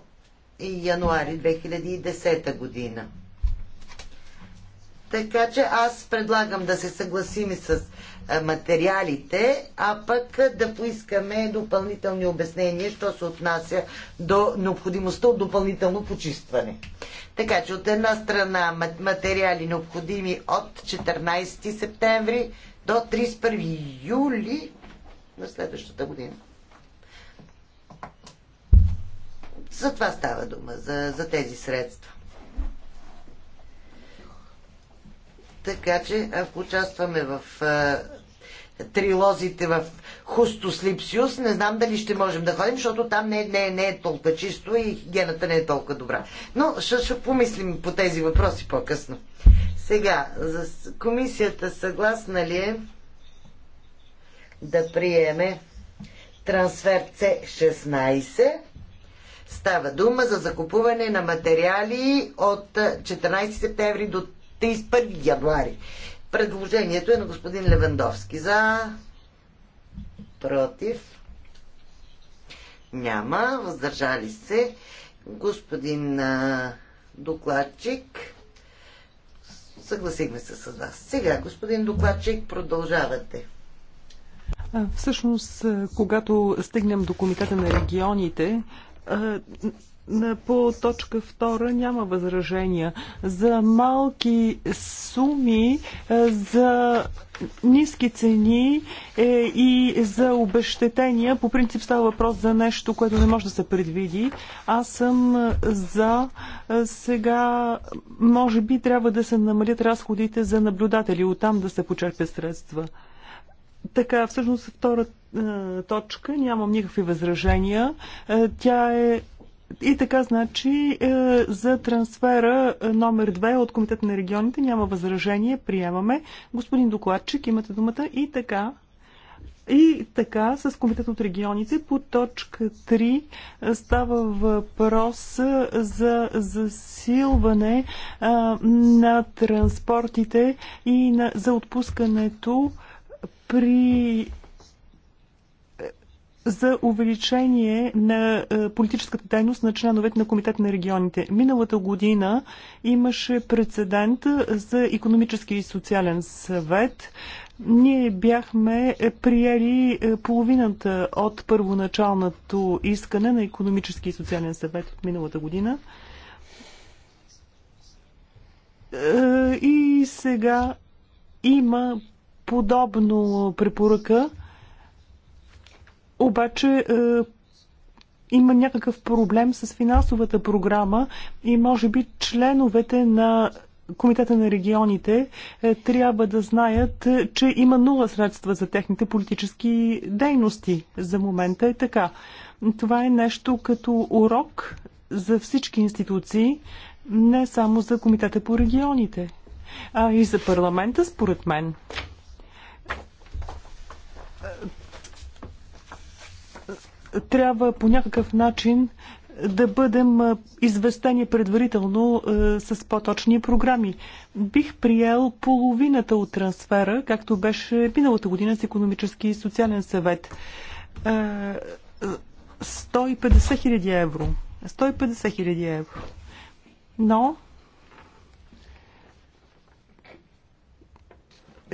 януари 2010 година. Така че аз предлагам да се съгласим с материалите, а пък да поискаме допълнителни обяснения, що се отнася до необходимостта от допълнително почистване. Така че от една страна материали необходими от 14 септември до 31 юли на следващата година. За това става дума, за, за тези средства. Така че, ако участваме в трилозите в Хустос Липсиус, не знам дали ще можем да ходим, защото там не, не, не е толкова чисто и гената не е толкова добра. Но ще, ще помислим по тези въпроси по-късно. Сега, за комисията съгласна ли е да приеме трансфер C16? Става дума за закупуване на материали от 14 септември до 31 януари. Предложението е на господин Левандовски. За. Против. Няма. Въздържали се. Господин а, докладчик. Съгласихме се с вас. Сега, господин докладчик, продължавате. Всъщност, когато стигнем до Комитета на регионите, по точка втора няма възражения. За малки суми, е, за ниски цени е, и за обещетения, по принцип става въпрос за нещо, което не може да се предвиди. Аз съм за е, сега, може би трябва да се намалят разходите за наблюдатели, оттам да се почерпят средства. Така, всъщност втора точка, нямам никакви възражения. тя е и така, значи, е, за трансфера е, номер 2 от Комитет на регионите няма възражение, приемаме. Господин докладчик, имате думата и така. И така, с Комитет от регионите по точка 3 е, става въпрос за засилване а, на транспортите и на, за отпускането при за увеличение на е, политическата дейност на членовете на Комитет на регионите. Миналата година имаше прецедент за економически и социален съвет. Ние бяхме приели е, половината от първоначалното искане на економически и социален съвет от миналата година. Е, и сега има подобно препоръка обаче е, има някакъв проблем с финансовата програма и може би членовете на Комитета на регионите е, трябва да знаят, е, че има нула средства за техните политически дейности. За момента е така. Това е нещо като урок за всички институции, не само за Комитета по регионите, а и за парламента, според мен трябва по някакъв начин да бъдем известени предварително с по-точни програми. Бих приел половината от трансфера, както беше миналата година с економически и социален съвет. 150 хиляди евро. 150 хиляди евро. Но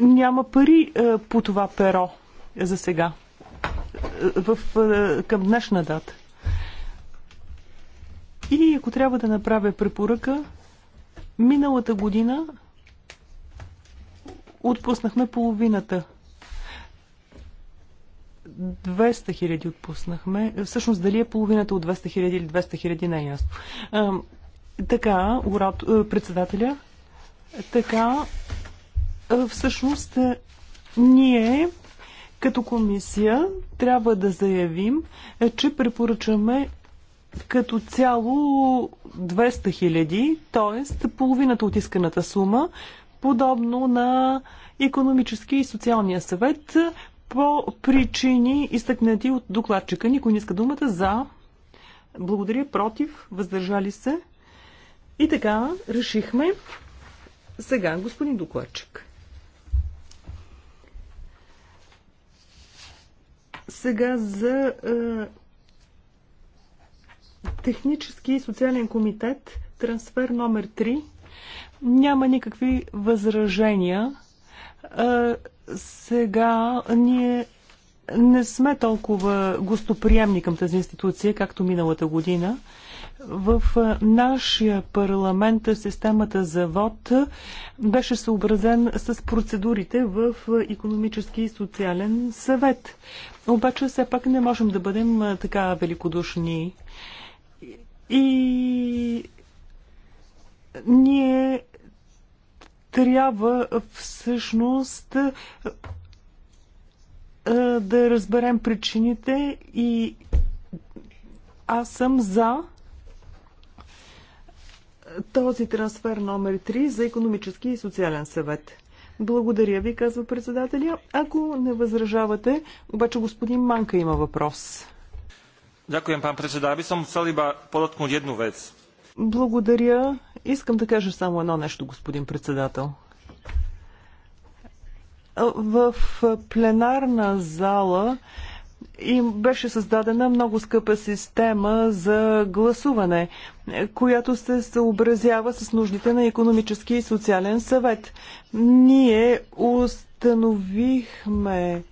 няма пари по това перо за сега в, към днешна дата. И ако трябва да направя препоръка, миналата година отпуснахме половината. 200 хиляди отпуснахме. Всъщност, дали е половината от 200 хиляди или 200 хиляди, не е ясно. така, урат, председателя, така, всъщност, ние като комисия трябва да заявим, е, че препоръчаме като цяло 200 хиляди, т.е. половината от исканата сума, подобно на економически и социалния съвет по причини изтъкнати от докладчика. Никой не иска думата за. Благодаря, против, въздържали се. И така, решихме. Сега, господин докладчик. Сега за е, Технически и социален комитет, трансфер номер 3. Няма никакви възражения. Е, сега ние не сме толкова гостоприемни към тази институция, както миналата година. В е, нашия парламент системата за вод беше съобразен с процедурите в економически и социален съвет. Обаче все пак не можем да бъдем така великодушни. И ние трябва всъщност да разберем причините и аз съм за този трансфер номер 3 за економически и социален съвет. Благодаря ви, казва председателя. Ако не възражавате, обаче господин Манка има въпрос. Дякуем, пан председател. Аби съм цел иба подоткнуть едно вец. Благодаря. Искам да кажа само едно нещо, господин председател. В пленарна зала им беше създадена много скъпа система за гласуване, която се съобразява с нуждите на економически и социален съвет. Ние установихме е,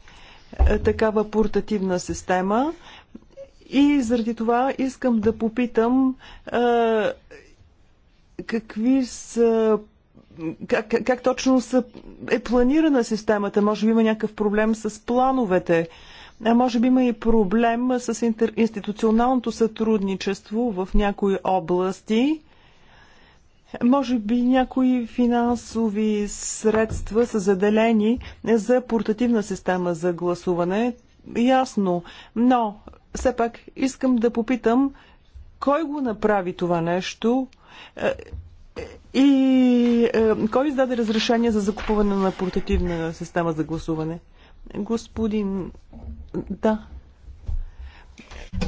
такава портативна система и заради това искам да попитам а, е, какви са как, как, точно са, е планирана системата? Може би има някакъв проблем с плановете. Може би има и проблем с институционалното сътрудничество в някои области. Може би някои финансови средства са заделени за портативна система за гласуване. Ясно, но все пак искам да попитам кой го направи това нещо е, е, и е, кой издаде разрешение за закупуване на портативна система за гласуване? Господин... Да.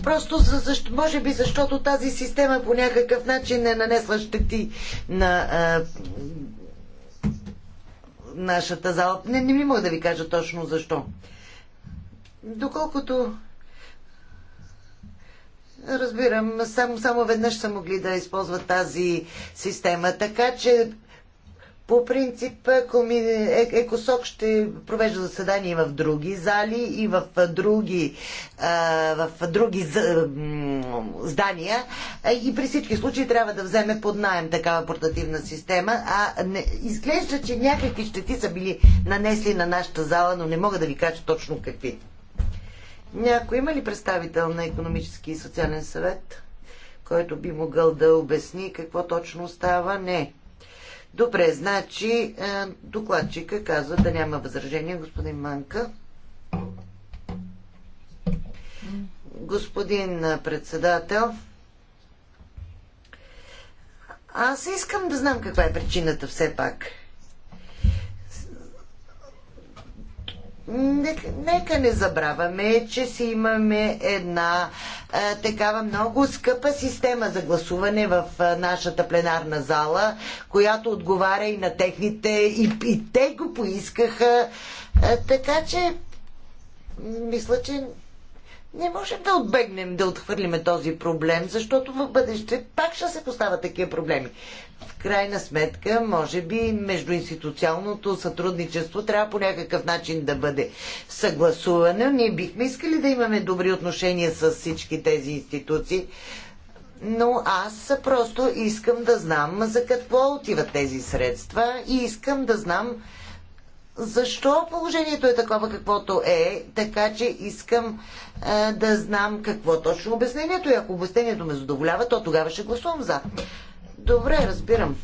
Просто за, защо, може би защото тази система по някакъв начин е нанесла щети на а, нашата зала. Не, не ми мога да ви кажа точно защо. Доколкото разбирам, само, само веднъж са могли да използват тази система, така че по принцип е-, ЕКОСОК ще провежда заседания в други зали и в други, в други здания и при всички случаи трябва да вземе под найем такава портативна система. А не, изглежда, че някакви щети са били нанесли на нашата зала, но не мога да ви кажа точно какви. Някой има ли представител на економически и социален съвет, който би могъл да обясни какво точно става? Не. Добре, значи е, докладчика казва да няма възражение. Господин Манка. Господин председател, аз искам да знам каква е причината все пак. нека не забравяме, че си имаме една а, е, такава много скъпа система за гласуване в а, е, нашата пленарна зала, която отговаря и на техните, и, и те го поискаха. А, е, така че, мисля, че не можем да отбегнем да отхвърлиме този проблем, защото в бъдеще пак ще се поставят такива проблеми в крайна сметка, може би, междуинституциалното сътрудничество трябва по някакъв начин да бъде съгласувано. Ние бихме искали да имаме добри отношения с всички тези институции, но аз просто искам да знам за какво отиват тези средства и искам да знам защо положението е такова каквото е, така че искам да знам какво точно обяснението е. Ако обяснението ме задоволява, то тогава ще гласувам за. Добре, разбирам.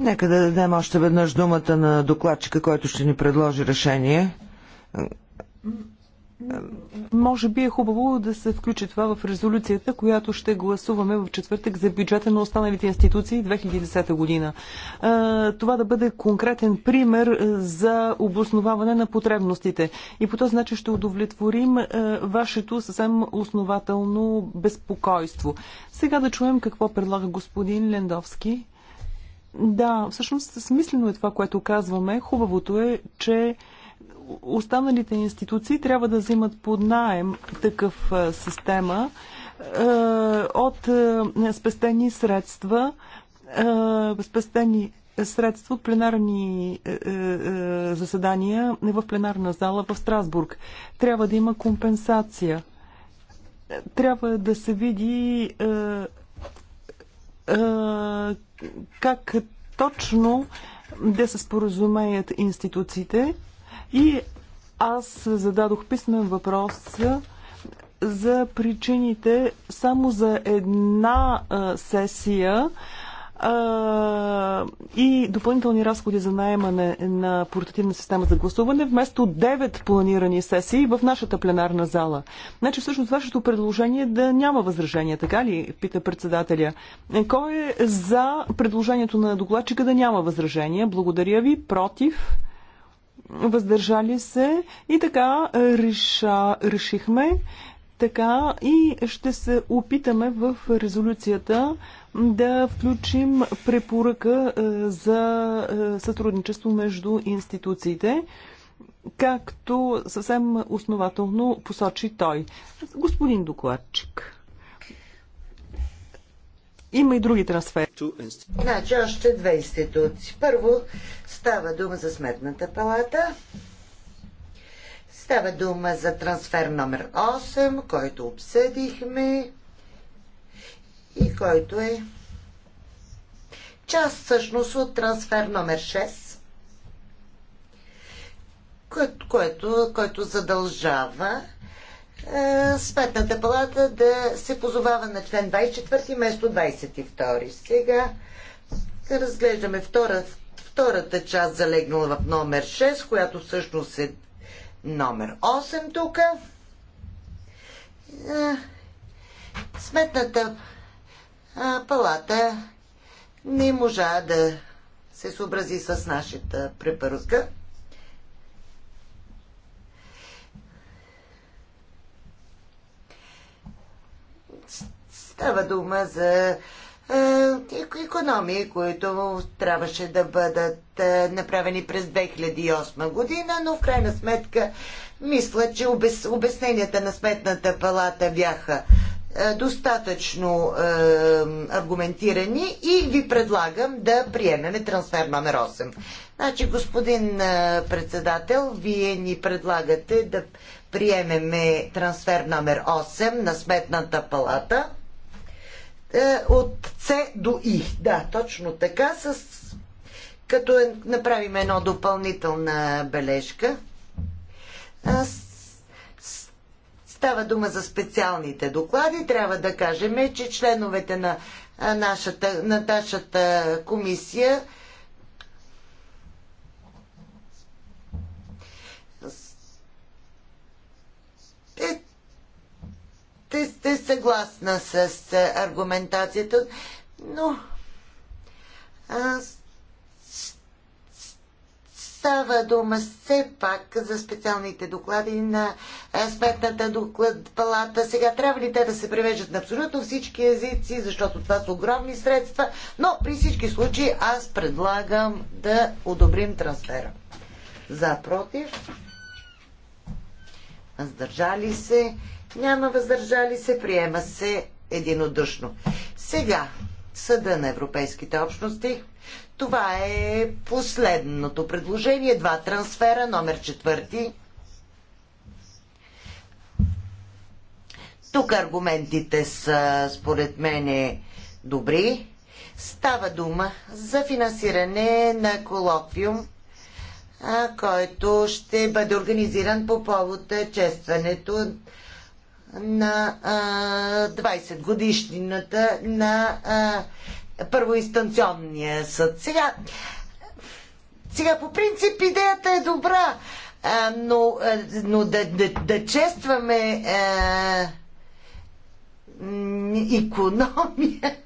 Нека да дадем още веднъж думата на докладчика, който ще ни предложи решение. Може би е хубаво да се включи това в резолюцията, която ще гласуваме в четвъртък за бюджета на останалите институции 2010 година. Това да бъде конкретен пример за обосноваване на потребностите. И по този начин ще удовлетворим вашето съвсем основателно безпокойство. Сега да чуем какво предлага господин Лендовски. Да, всъщност смислено е това, което казваме. Хубавото е, че останалите институции трябва да взимат под найем такъв е, система е, от е, спестени средства, спестени средства от пленарни заседания в пленарна зала в Страсбург. Трябва да има компенсация. Трябва да се види как точно да се споразумеят институциите и аз зададох писмен въпрос за причините само за една а, сесия а, и допълнителни разходи за найемане на портативна система за гласуване вместо 9 планирани сесии в нашата пленарна зала. Значи всъщност вашето предложение е да няма възражение, така ли? Пита председателя. Кой е за предложението на докладчика да няма възражение? Благодаря ви. Против? въздържали се и така е, реша, решихме. Така и ще се опитаме в резолюцията да включим препоръка е, за е, сътрудничество между институциите, както съвсем основателно посочи той. Господин докладчик. Има и други трансфери. Значи още две институции. Първо става дума за Сметната палата. Става дума за трансфер номер 8, който обсъдихме и който е част всъщност от трансфер номер 6, което, което, който задължава е, Сметната палата да се позовава на член 24 место 22. Сега разглеждаме втора, втората част, залегнала в номер 6, която всъщност е номер 8 тук. Е, Сметната палата не можа да се съобрази с нашата препоръка Става дума за е, економии, които трябваше да бъдат е, направени през 2008 година, но в крайна сметка мисля, че обясненията на Сметната палата бяха е, достатъчно е, аргументирани и ви предлагам да приемеме трансфер номер 8. Значи, господин е, председател, вие ни предлагате да приемеме трансфер номер 8 на Сметната палата е, от С до И. Да, точно така, с... като е, направим едно допълнителна бележка. Става дума за специалните доклади. Трябва да кажем, че членовете на нашата, на нашата комисия е те сте съгласна с аргументацията, но а, става дума все пак за специалните доклади на Сметната доклад палата. Сега трябва ли те да се превеждат на абсолютно всички езици, защото това са огромни средства, но при всички случаи аз предлагам да одобрим трансфера. За, против, въздържали се, няма въздържали се, приема се единодушно. Сега, Съда на Европейските общности. Това е последното предложение. Два трансфера, номер четвърти. Тук аргументите са, според мен, добри. Става дума за финансиране на колоквиум, който ще бъде организиран по повод честването на 20 годишнината на първоинстанционния съд. Сега, сега по принцип идеята е добра, но, но да, да, да честваме економия.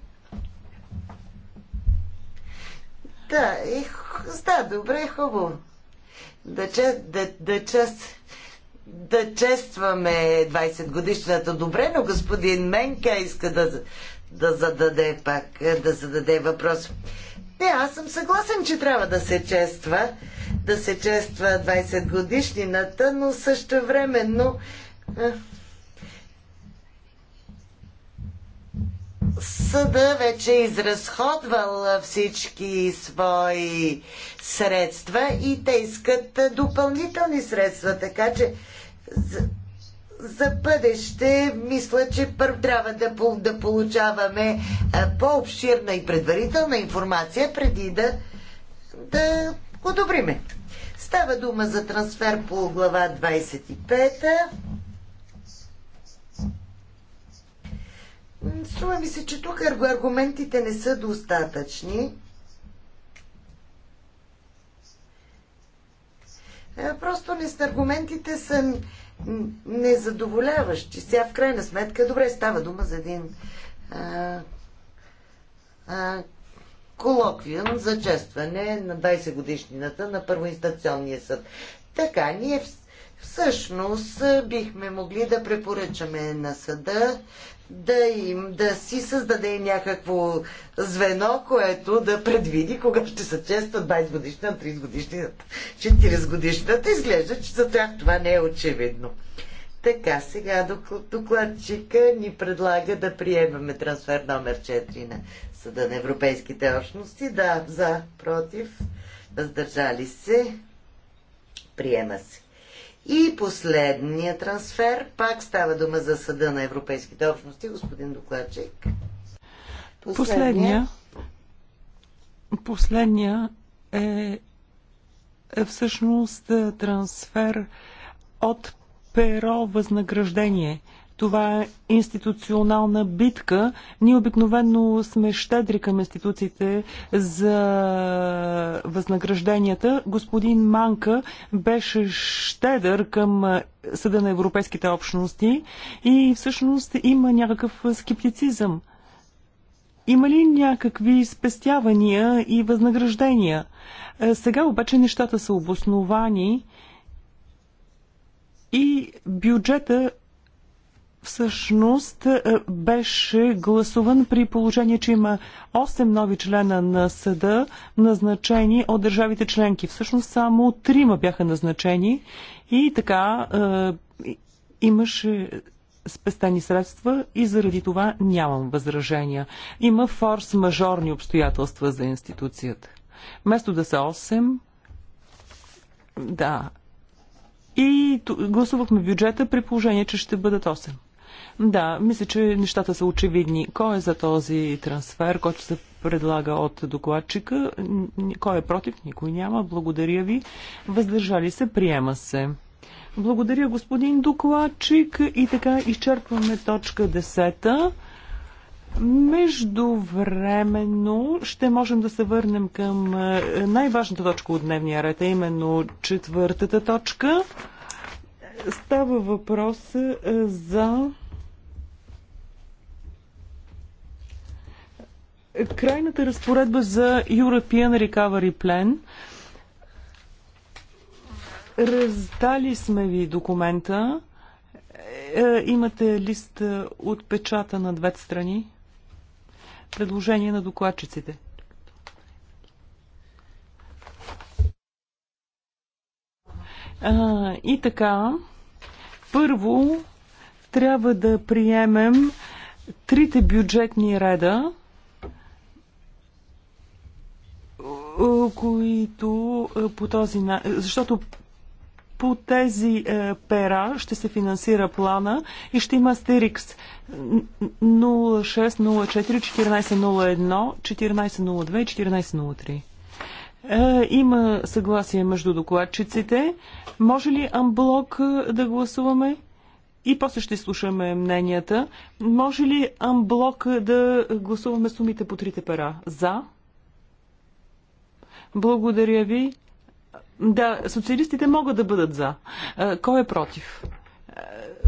Да, е, да, добре, е хубаво. Да, че, да, да чест да честваме 20 годишната добре, но господин Менка иска да, да зададе пак, да зададе въпрос. Не, аз съм съгласен, че трябва да се чества, да се чества 20 годишнината, но също времено съда вече е изразходвал всички свои средства и те искат допълнителни средства, така че за, за бъдеще мисля, че първо трябва да, да получаваме по-обширна и предварителна информация преди да, да одобриме. Става дума за трансфер по глава 25. Струва ми се, че тук аргументите не са достатъчни. Е, просто не с аргументите са незадоволяващи. Сега в крайна сметка, добре, става дума за един а, а, колоквиум за честване на 20 годишнината на първоинстанционния съд. Така, ние всъщност бихме могли да препоръчаме на съда да, им, да си създаде някакво звено, което да предвиди кога ще са честват 20 годишна, 30 годишна, 40 годишната. Изглежда, че за тях това не е очевидно. Така, сега докладчика ни предлага да приемаме трансфер номер 4 на Съда на Европейските общности. Да, за, против, въздържали се, приема се. И последния трансфер, пак става дума за съда на Европейските общности, господин докладчик. Последния. Последния е, е всъщност е, трансфер от перо възнаграждение – това е институционална битка. Ние обикновено сме щедри към институциите за възнагражденията. Господин Манка беше щедър към Съда на Европейските общности и всъщност има някакъв скептицизъм. Има ли някакви спестявания и възнаграждения? Е, сега обаче нещата са обосновани и бюджета всъщност е, беше гласуван при положение, че има 8 нови члена на съда, назначени от държавите членки. Всъщност само 3 бяха назначени и така е, имаше спестени средства и заради това нямам възражения. Има форс-мажорни обстоятелства за институцията. Место да са 8, да. И гласувахме бюджета при положение, че ще бъдат 8. Да, мисля, че нещата са очевидни. Кой е за този трансфер, който се предлага от докладчика? Кой е против? Никой няма. Благодаря ви. Въздържали се? Приема се. Благодаря, господин докладчик. И така изчерпваме точка 10. Междувременно ще можем да се върнем към е, най-важната точка от дневния ред, а именно четвъртата точка. Става въпрос е, за крайната разпоредба за European Recovery Plan. Раздали сме ви документа. Е, имате лист е, от печата на двете страни. Предложение на докладчиците. А, и така, първо трябва да приемем трите бюджетни реда които по този защото по тези пера ще се финансира плана и ще има Стерикс 0604-1401-1402 и 1403. има съгласие между докладчиците. Може ли амблок да гласуваме? И после ще слушаме мненията. Може ли амблок да гласуваме сумите по трите пера? За? Благодаря ви. Да, социалистите могат да бъдат за. Кой е против?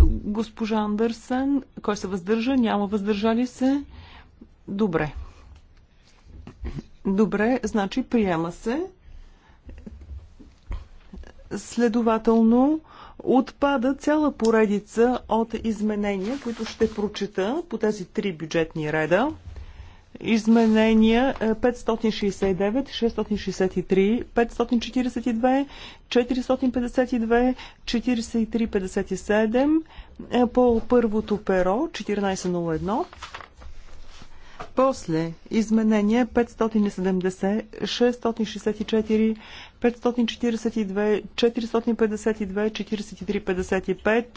Госпожа Андърсен, кой се въздържа? Няма въздържали се. Добре. Добре, значи приема се. Следователно, отпада цяла поредица от изменения, които ще прочета по тези три бюджетни реда. Изменения 569, 663, 542, 452, 4357 по първото перо 1401. После изменения 570, 664, 542, 452, 4355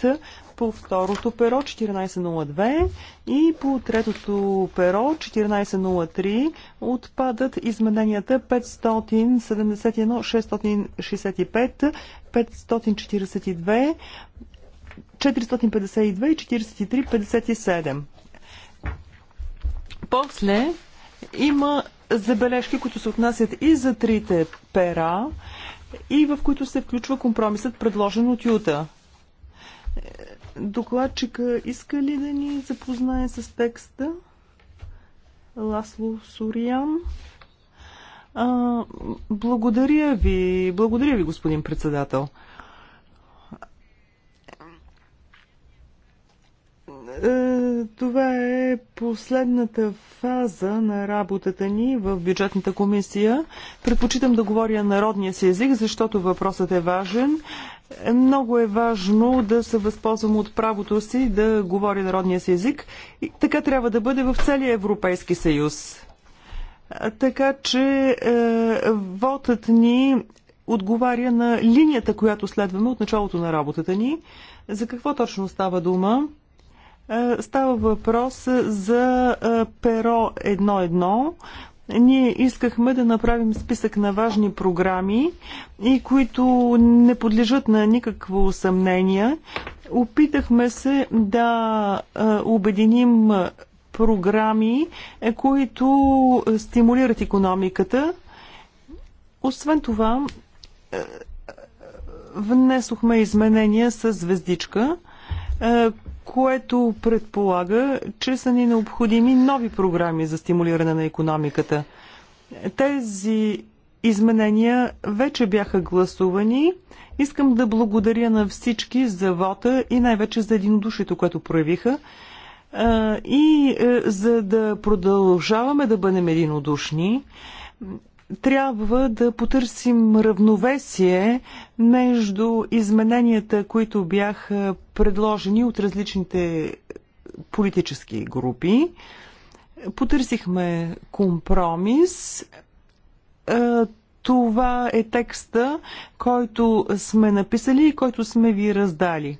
по второто перо 1402 и по третото перо 1403 отпадат измененията 571, 665, 542, 452 и 4357. После има забележки, които се отнасят и за трите пера, и в които се включва компромисът, предложен от Юта. Докладчика иска ли да ни запознае с текста? Ласло Сориан. благодаря ви, благодаря ви, господин председател. А, това е последната фаза на работата ни в бюджетната комисия. Предпочитам да говоря народния си език, защото въпросът е важен. Много е важно да се възползвам от правото си да говоря народния си език. И така трябва да бъде в целия Европейски съюз. Така че е, вотът ни отговаря на линията, която следваме от началото на работата ни. За какво точно става дума? Е, става въпрос за е, перо 1.1. Ние искахме да направим списък на важни програми и които не подлежат на никакво съмнение. Опитахме се да е, обединим програми, които стимулират економиката. Освен това, внесохме изменения с звездичка, което предполага, че са ни необходими нови програми за стимулиране на економиката. Тези изменения вече бяха гласувани. Искам да благодаря на всички за вота и най-вече за единодушието, което проявиха. И е, за да продължаваме да бъдем единодушни, трябва да потърсим равновесие между измененията, които бяха предложени от различните политически групи. Потърсихме компромис. Е, това е текста, който сме написали и който сме ви раздали.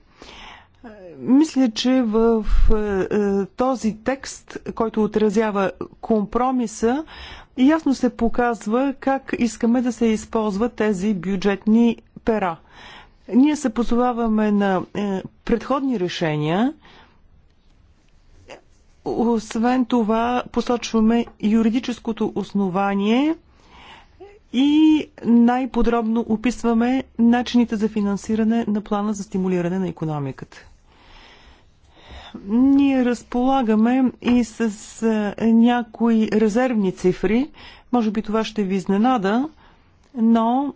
Мисля, че в е, е, този текст, който отразява компромиса, и ясно се показва как искаме да се използват тези бюджетни пера. Ние се позоваваме на е, предходни решения. Освен това, посочваме юридическото основание и най-подробно описваме начините за финансиране на плана за стимулиране на економиката. Ние разполагаме и с някои резервни цифри. Може би това ще ви изненада, но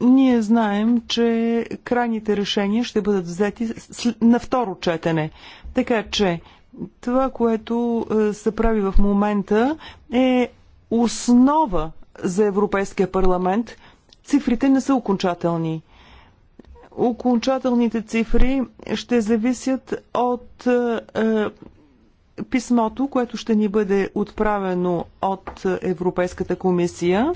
ние знаем, че крайните решения ще бъдат взети на второ четене. Така че това, което се прави в момента е основа за Европейския парламент. Цифрите не са окончателни окончателните цифри ще зависят от е, писмото, което ще ни бъде отправено от Европейската комисия.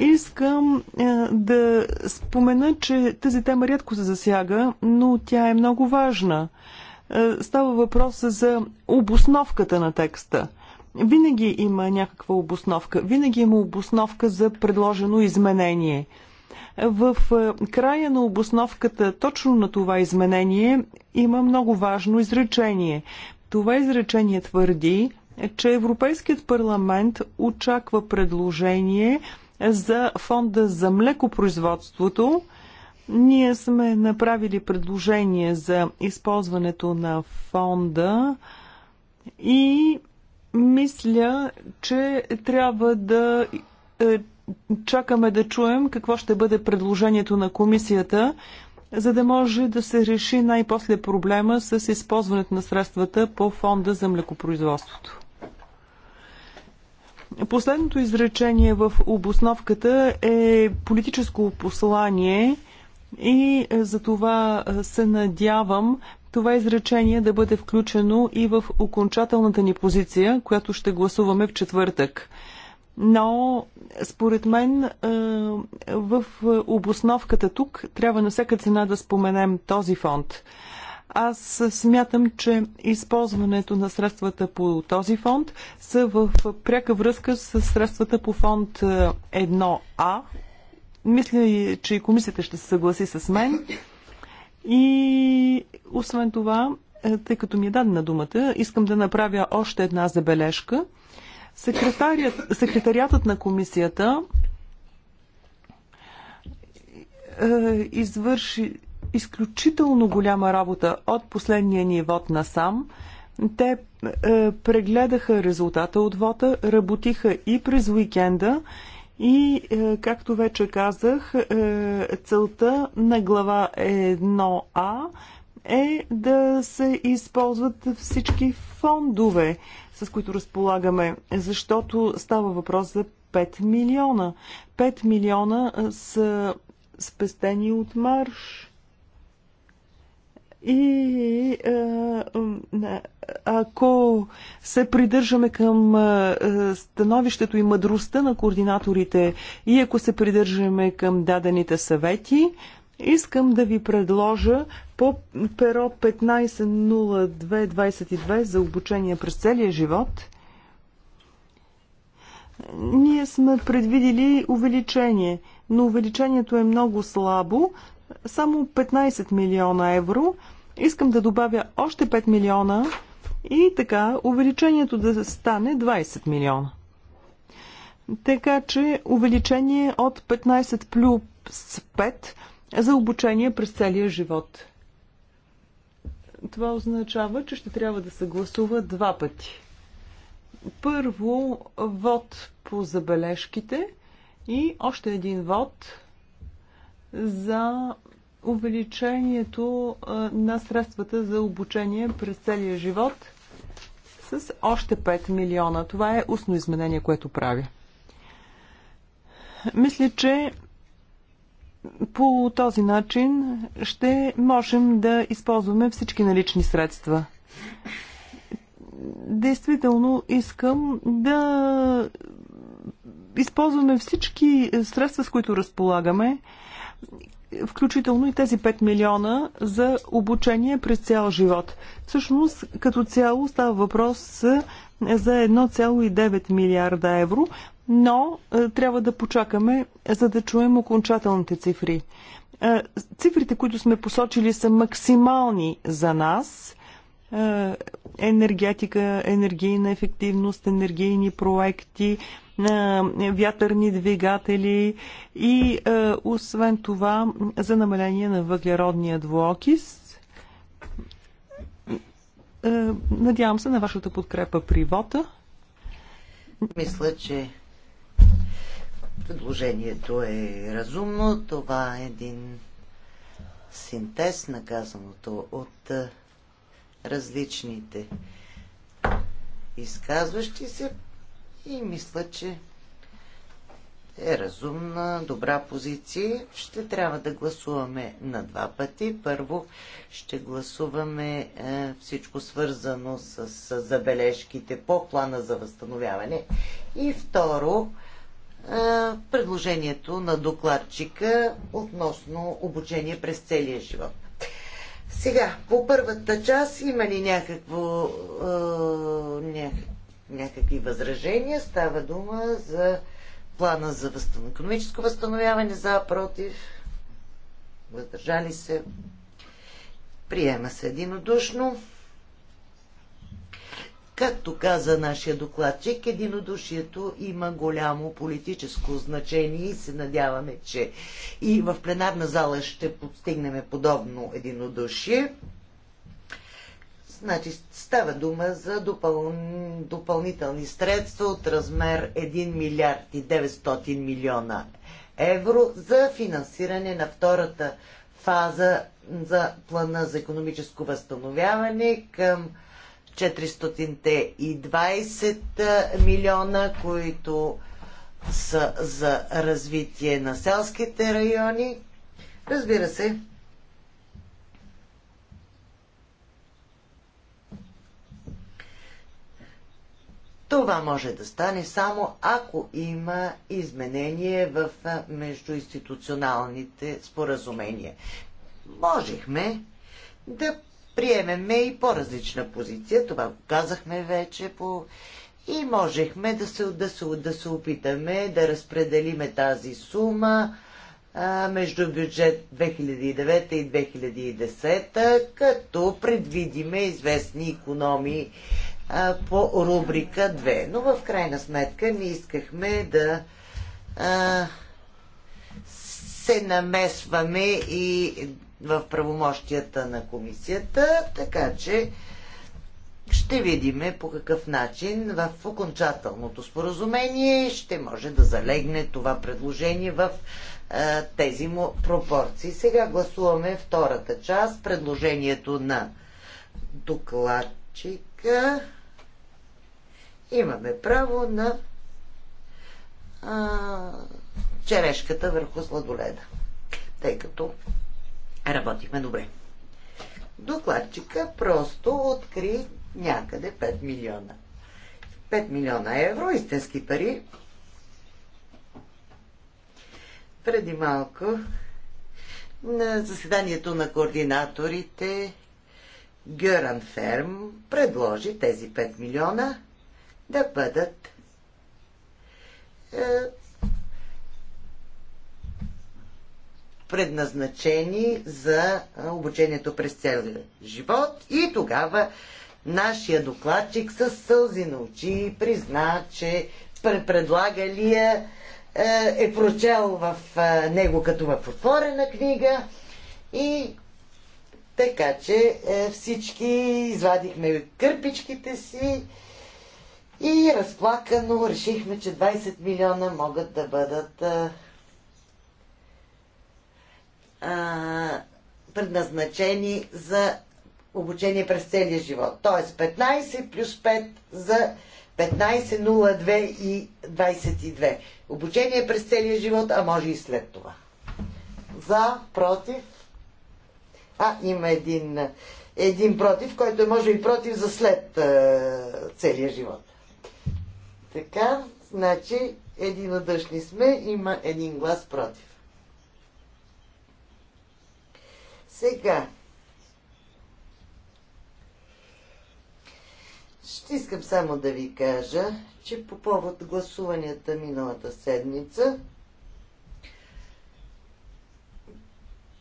Искам е, да спомена, че тази тема рядко се засяга, но тя е много важна. Е, става въпрос за обосновката на текста. Винаги има някаква обосновка. Винаги има обосновка за предложено изменение. В е, края на обосновката точно на това изменение има много важно изречение. Това изречение твърди, че Европейският парламент очаква предложение за фонда за млекопроизводството. Ние сме направили предложение за използването на фонда и мисля, че трябва да е, чакаме да чуем какво ще бъде предложението на комисията, за да може да се реши най-после проблема с използването на средствата по фонда за млекопроизводството. Последното изречение в обосновката е политическо послание и за това се надявам това изречение да бъде включено и в окончателната ни позиция, която ще гласуваме в четвъртък. Но, според мен, е, в обосновката тук трябва на всяка цена да споменем този фонд. Аз смятам, че използването на средствата по този фонд са в пряка връзка с средствата по фонд 1А. Е, Мисля, че и комисията ще се съгласи с мен. И освен това, е, тъй като ми е дадена думата, искам да направя още една забележка – Секретариатът на комисията е, извърши изключително голяма работа от последния ни вод насам. Те е, прегледаха резултата от вота, работиха и през уикенда и, е, както вече казах, е, целта на глава 1А е да се използват всички фондове, с които разполагаме, защото става въпрос за 5 милиона. 5 милиона са спестени от марш. И а, ако се придържаме към становището и мъдростта на координаторите и ако се придържаме към дадените съвети, Искам да ви предложа по перо 150222 за обучение през целия живот. Ние сме предвидили увеличение, но увеличението е много слабо, само 15 милиона евро. Искам да добавя още 5 милиона и така увеличението да стане 20 милиона. Така че увеличение от 15 плюс 5 за обучение през целия живот. Това означава, че ще трябва да се гласува два пъти. Първо, вод по забележките и още един вод за увеличението на средствата за обучение през целия живот с още 5 милиона. Това е устно изменение, което прави. Мисля, че по този начин ще можем да използваме всички налични средства. Действително искам да използваме всички средства, с които разполагаме, включително и тези 5 милиона за обучение през цял живот. Всъщност, като цяло става въпрос за 1,9 милиарда евро, но е, трябва да почакаме, за да чуем окончателните цифри. Е, цифрите, които сме посочили, са максимални за нас. Е, енергетика, енергийна ефективност, енергийни проекти, вятърни двигатели и освен това за намаление на въглеродния двуокис. Надявам се на вашата подкрепа при вота. Мисля, че Предложението е разумно. Това е един синтез на казаното от различните изказващи се и мисля, че е разумна, добра позиция. Ще трябва да гласуваме на два пъти. Първо ще гласуваме е, всичко свързано с, с забележките по плана за възстановяване. И второ предложението на докладчика относно обучение през целия живот. Сега, по първата част има ли някакво, е, ня, някакви възражения? Става дума за плана за възстанов... економическо възстановяване, за, против, въздържали се. Приема се единодушно. Както каза нашия докладчик, единодушието има голямо политическо значение и се надяваме, че и в пленарна зала ще постигнем подобно единодушие. Значи става дума за допъл... допълнителни средства от размер 1 милиард и 900 милиона евро за финансиране на втората фаза за плана за економическо възстановяване към 420 милиона, които са за развитие на селските райони. Разбира се, Това може да стане само ако има изменение в междуинституционалните споразумения. Можехме да приемеме и по-различна позиция. Това го казахме вече по... И можехме да се, да се, да се опитаме да разпределиме тази сума а, между бюджет 2009 и 2010, като предвидиме известни економии а, по рубрика 2. Но в крайна сметка не искахме да а, се намесваме и в правомощията на комисията, така че ще видим по какъв начин в окончателното споразумение ще може да залегне това предложение в тези му пропорции. Сега гласуваме втората част, предложението на докладчика. Имаме право на а, черешката върху сладоледа, тъй като работихме добре. Докладчика просто откри някъде 5 милиона. 5 милиона евро, истински пари. Преди малко на заседанието на координаторите Гъран Ферм предложи тези 5 милиона да бъдат е, предназначени за обучението през целия живот и тогава нашия докладчик с сълзи на очи призна, че предлагалия е, е прочел в него като в отворена книга и така че е, всички извадихме кърпичките си и разплакано решихме, че 20 милиона могат да бъдат е, а, предназначени за обучение през целия живот. Тоест 15 плюс 5 за 15.02 и 22. Обучение през целия живот, а може и след това. За, против. А, има един, един против, който е може и против за след а, целия живот. Така, значи единодушни сме, има един глас против. Сега. Ще искам само да ви кажа, че по повод гласуванията миналата седмица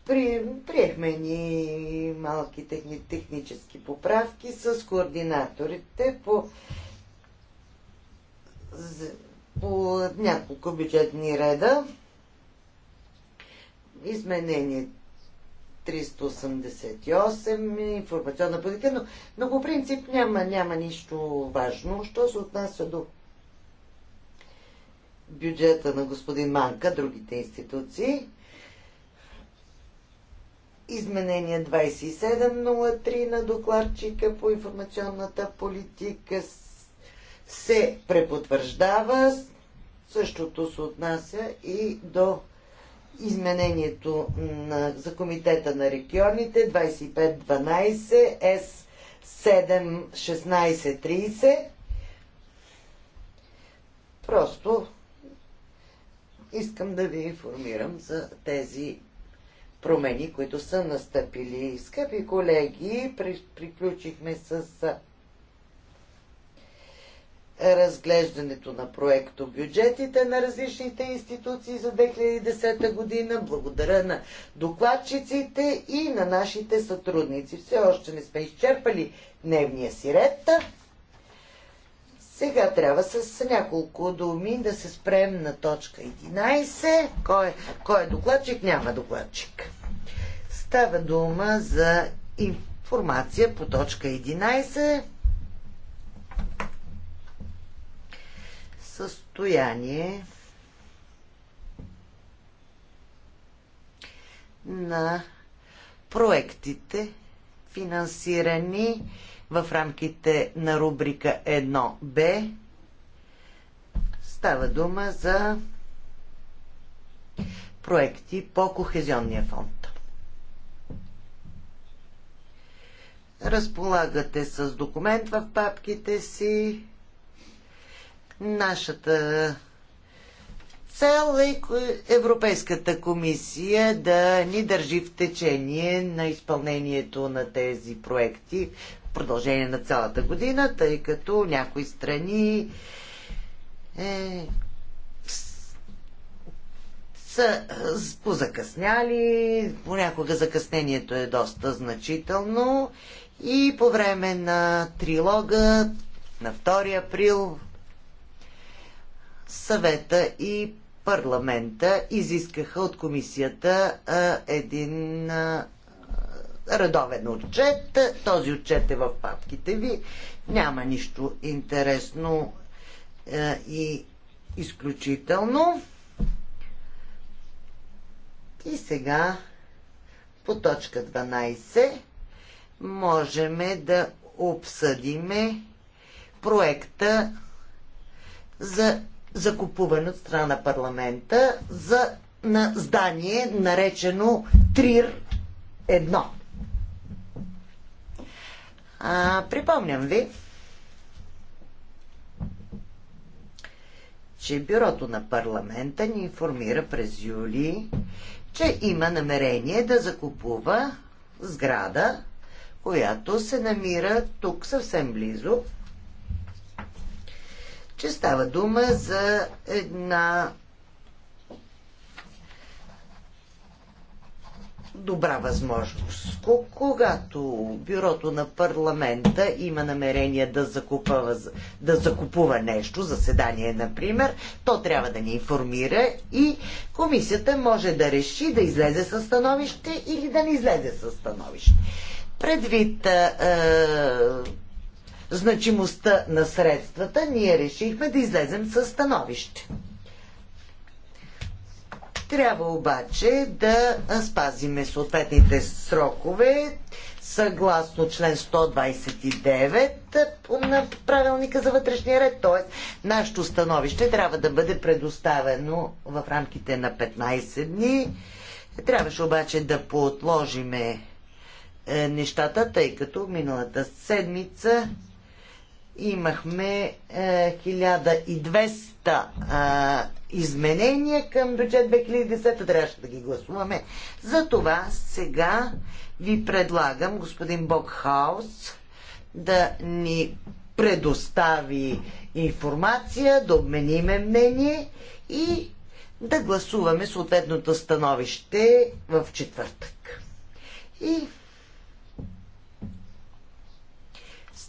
при, приехме ни малки техни, технически поправки с координаторите по, по няколко бюджетни реда. Изменението 388, информационна политика, но, но по принцип няма, няма нищо важно. Що се отнася до бюджета на господин Манка, другите институции, изменение 2703 на докладчика по информационната политика се препотвърждава. Същото се отнася и до изменението на, за Комитета на регионите 2512 S71630. Просто искам да ви информирам за тези промени, които са настъпили. Скъпи колеги, приключихме с разглеждането на проекто бюджетите на различните институции за 2010 година. Благодаря на докладчиците и на нашите сътрудници. Все още не сме изчерпали дневния си ред. Сега трябва с няколко думи да се спрем на точка 11. Кой е, кой е докладчик? Няма докладчик. Става дума за информация по точка 11 състояние на проектите, финансирани в рамките на рубрика 1Б. Става дума за проекти по Кохезионния фонд. Разполагате с документ в папките си. Нашата цел е Европейската комисия да ни държи в течение на изпълнението на тези проекти в продължение на цялата година, тъй като някои страни е, са е, позакъсняли, понякога закъснението е доста значително и по време на трилога на 2 април съвета и парламента изискаха от комисията а, един а, редовен отчет. Този отчет е в папките ви. Няма нищо интересно а, и изключително. И сега по точка 12 можем да обсъдиме проекта за закупуване от страна на парламента за, на здание, наречено Трир 1. А, припомням ви, че бюрото на парламента ни информира през юли, че има намерение да закупува сграда, която се намира тук съвсем близо че става дума за една добра възможност. Когато бюрото на парламента има намерение да закупува, да закупува нещо, заседание, например, то трябва да ни информира и комисията може да реши да излезе със становище или да не излезе със становище. Предвид значимостта на средствата, ние решихме да излезем със становище. Трябва обаче да спазиме съответните срокове съгласно член 129 на правилника за вътрешния ред. Т.е. нашето становище трябва да бъде предоставено в рамките на 15 дни. Трябваше обаче да поотложиме е, нещата, тъй като миналата седмица имахме е, 1200 е, изменения към бюджет 2010. Трябваше да ги гласуваме. Затова сега ви предлагам господин Бокхаус да ни предостави информация, да обмениме мнение и да гласуваме съответното становище в четвъртък. И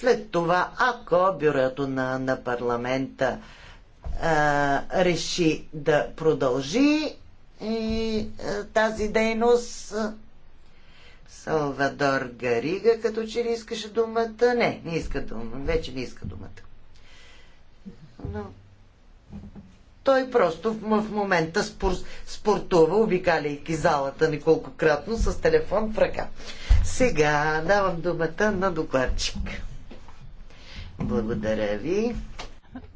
След това, ако бюрото на, на парламента а, реши да продължи и, е, а, е, тази дейност, Салвадор Гарига, като че ли искаше думата. Не, не иска дума. Вече не иска думата. Но той просто в момента спор, спортува, обикаляйки залата неколкократно с телефон в ръка. Сега давам думата на докладчик. Благодаря ви.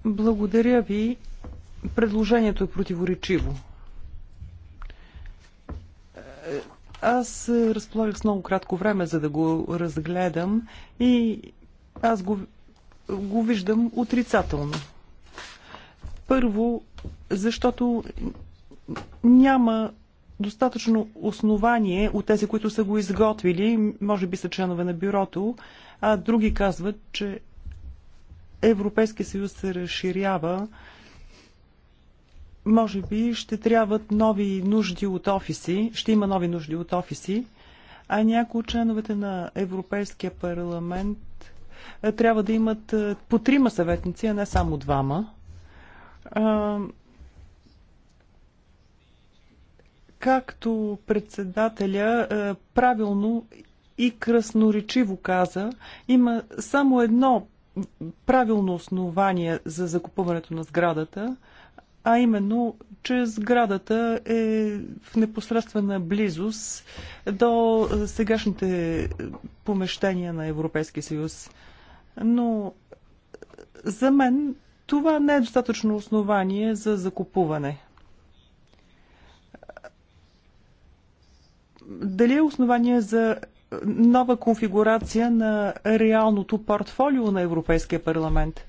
Благодаря ви. Предложението е противоречиво. Аз разполагах с много кратко време, за да го разгледам и аз го, го виждам отрицателно. Първо, защото няма достатъчно основание от тези, които са го изготвили, може би са членове на бюрото, а други казват, че Европейския съюз се разширява, може би ще трябват нови нужди от офиси, ще има нови нужди от офиси, а някои от членовете на Европейския парламент трябва да имат по трима съветници, а не само двама. Както председателя правилно и красноречиво каза, има само едно правилно основание за закупуването на сградата, а именно, че сградата е в непосредствена близост до сегашните помещения на Европейския съюз. Но за мен това не е достатъчно основание за закупуване. Дали е основание за нова конфигурация на реалното портфолио на Европейския парламент.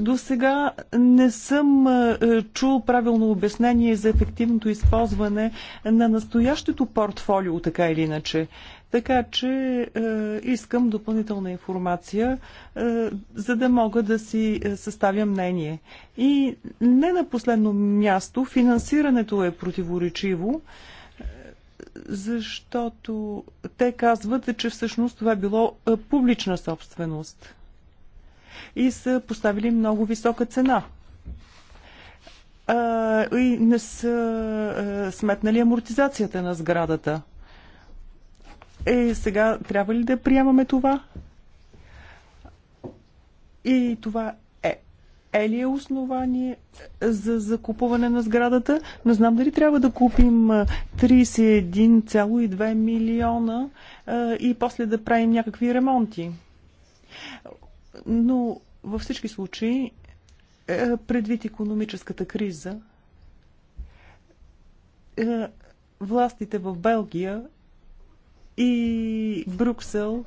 До сега не съм е, чул правилно обяснение за ефективното използване на настоящето портфолио, така или иначе. Така че е, искам допълнителна информация, е, за да мога да си е, съставя мнение. И не на последно място, финансирането е противоречиво. Е, защото те казват, че всъщност това е било публична собственост и са поставили много висока цена. и не са сметнали амортизацията на сградата. Е, сега трябва ли да приемаме това? И това е ли е основание е, за закупуване на сградата? Не знам дали трябва да купим 31,2 е, милиона е, и после да правим някакви ремонти. Но във всички случаи, предвид економическата криза, властите в Белгия и Брюксел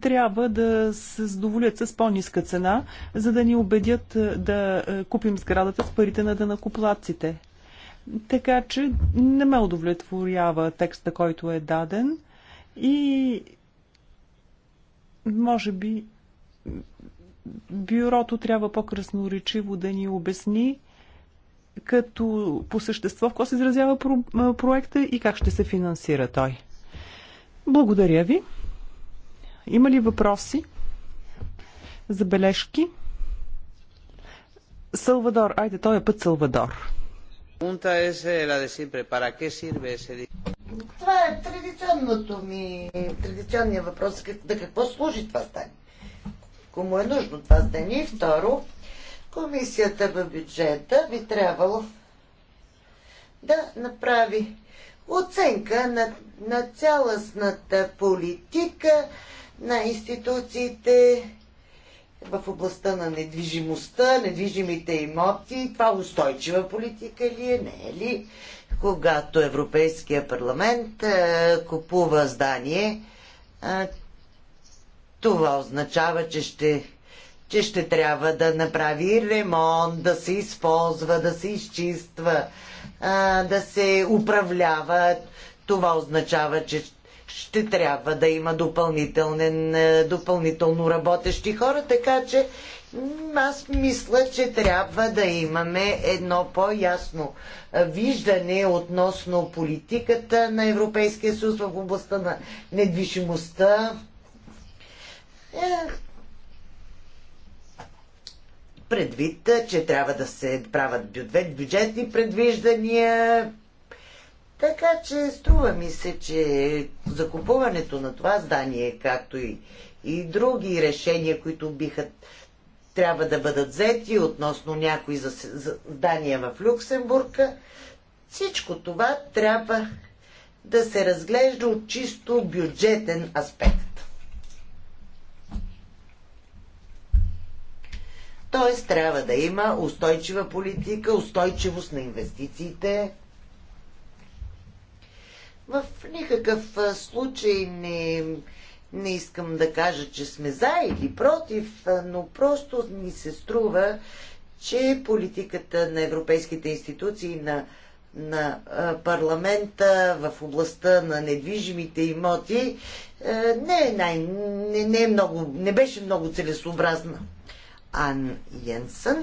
трябва да се задоволят с по-ниска цена, за да ни убедят е, да е, купим сградата с парите на дънакоплаците. Така че не ме удовлетворява текста, който е даден и може би бюрото трябва по-красноречиво да ни обясни като по същество в какво се изразява про е, проекта и как ще се финансира той. Благодаря ви. Има ли въпроси? Забележки? Салвадор, айде, той е път Салвадор. Е това е традиционното ми, традиционния въпрос. да какво служи това здание? Кому е нужно това здание? И второ, комисията в бюджета би трябвало да направи оценка на, на цялостната политика на институциите в областта на недвижимостта, недвижимите имоти. Това устойчива политика ли е, не е ли? Когато Европейския парламент е, купува здание, е, това означава, че ще че ще трябва да направи ремонт, да се използва, да се изчиства, да се управлява. Това означава, че ще трябва да има допълнително работещи хора, така че аз мисля, че трябва да имаме едно по-ясно виждане относно политиката на Европейския съюз в областта на недвижимостта. Е, предвид, че трябва да се правят бюджет, бюджетни предвиждания. Така че струва ми се, че закупуването на това здание, както и, и други решения, които биха трябва да бъдат взети относно някои здания в Люксембург, всичко това трябва да се разглежда от чисто бюджетен аспект. Т.е. трябва да има устойчива политика, устойчивост на инвестициите. В никакъв случай не, не искам да кажа, че сме за или против, но просто ни се струва, че политиката на европейските институции на, на парламента в областта на недвижимите имоти не, е не, не, е много, не беше много целесообразна. Ан Йенсън.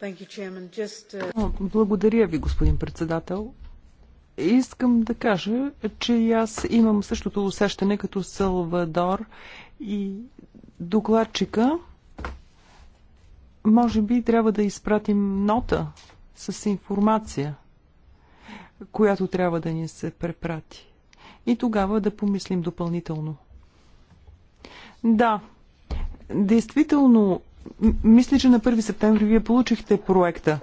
Uh, благодаря ви, господин председател. Искам да кажа, че аз имам същото усещане като Салвадор и докладчика. Може би трябва да изпратим нота с информация, която трябва да ни се препрати. И тогава да помислим допълнително. Да, Действително, мисля, че на 1 септември вие получихте проекта.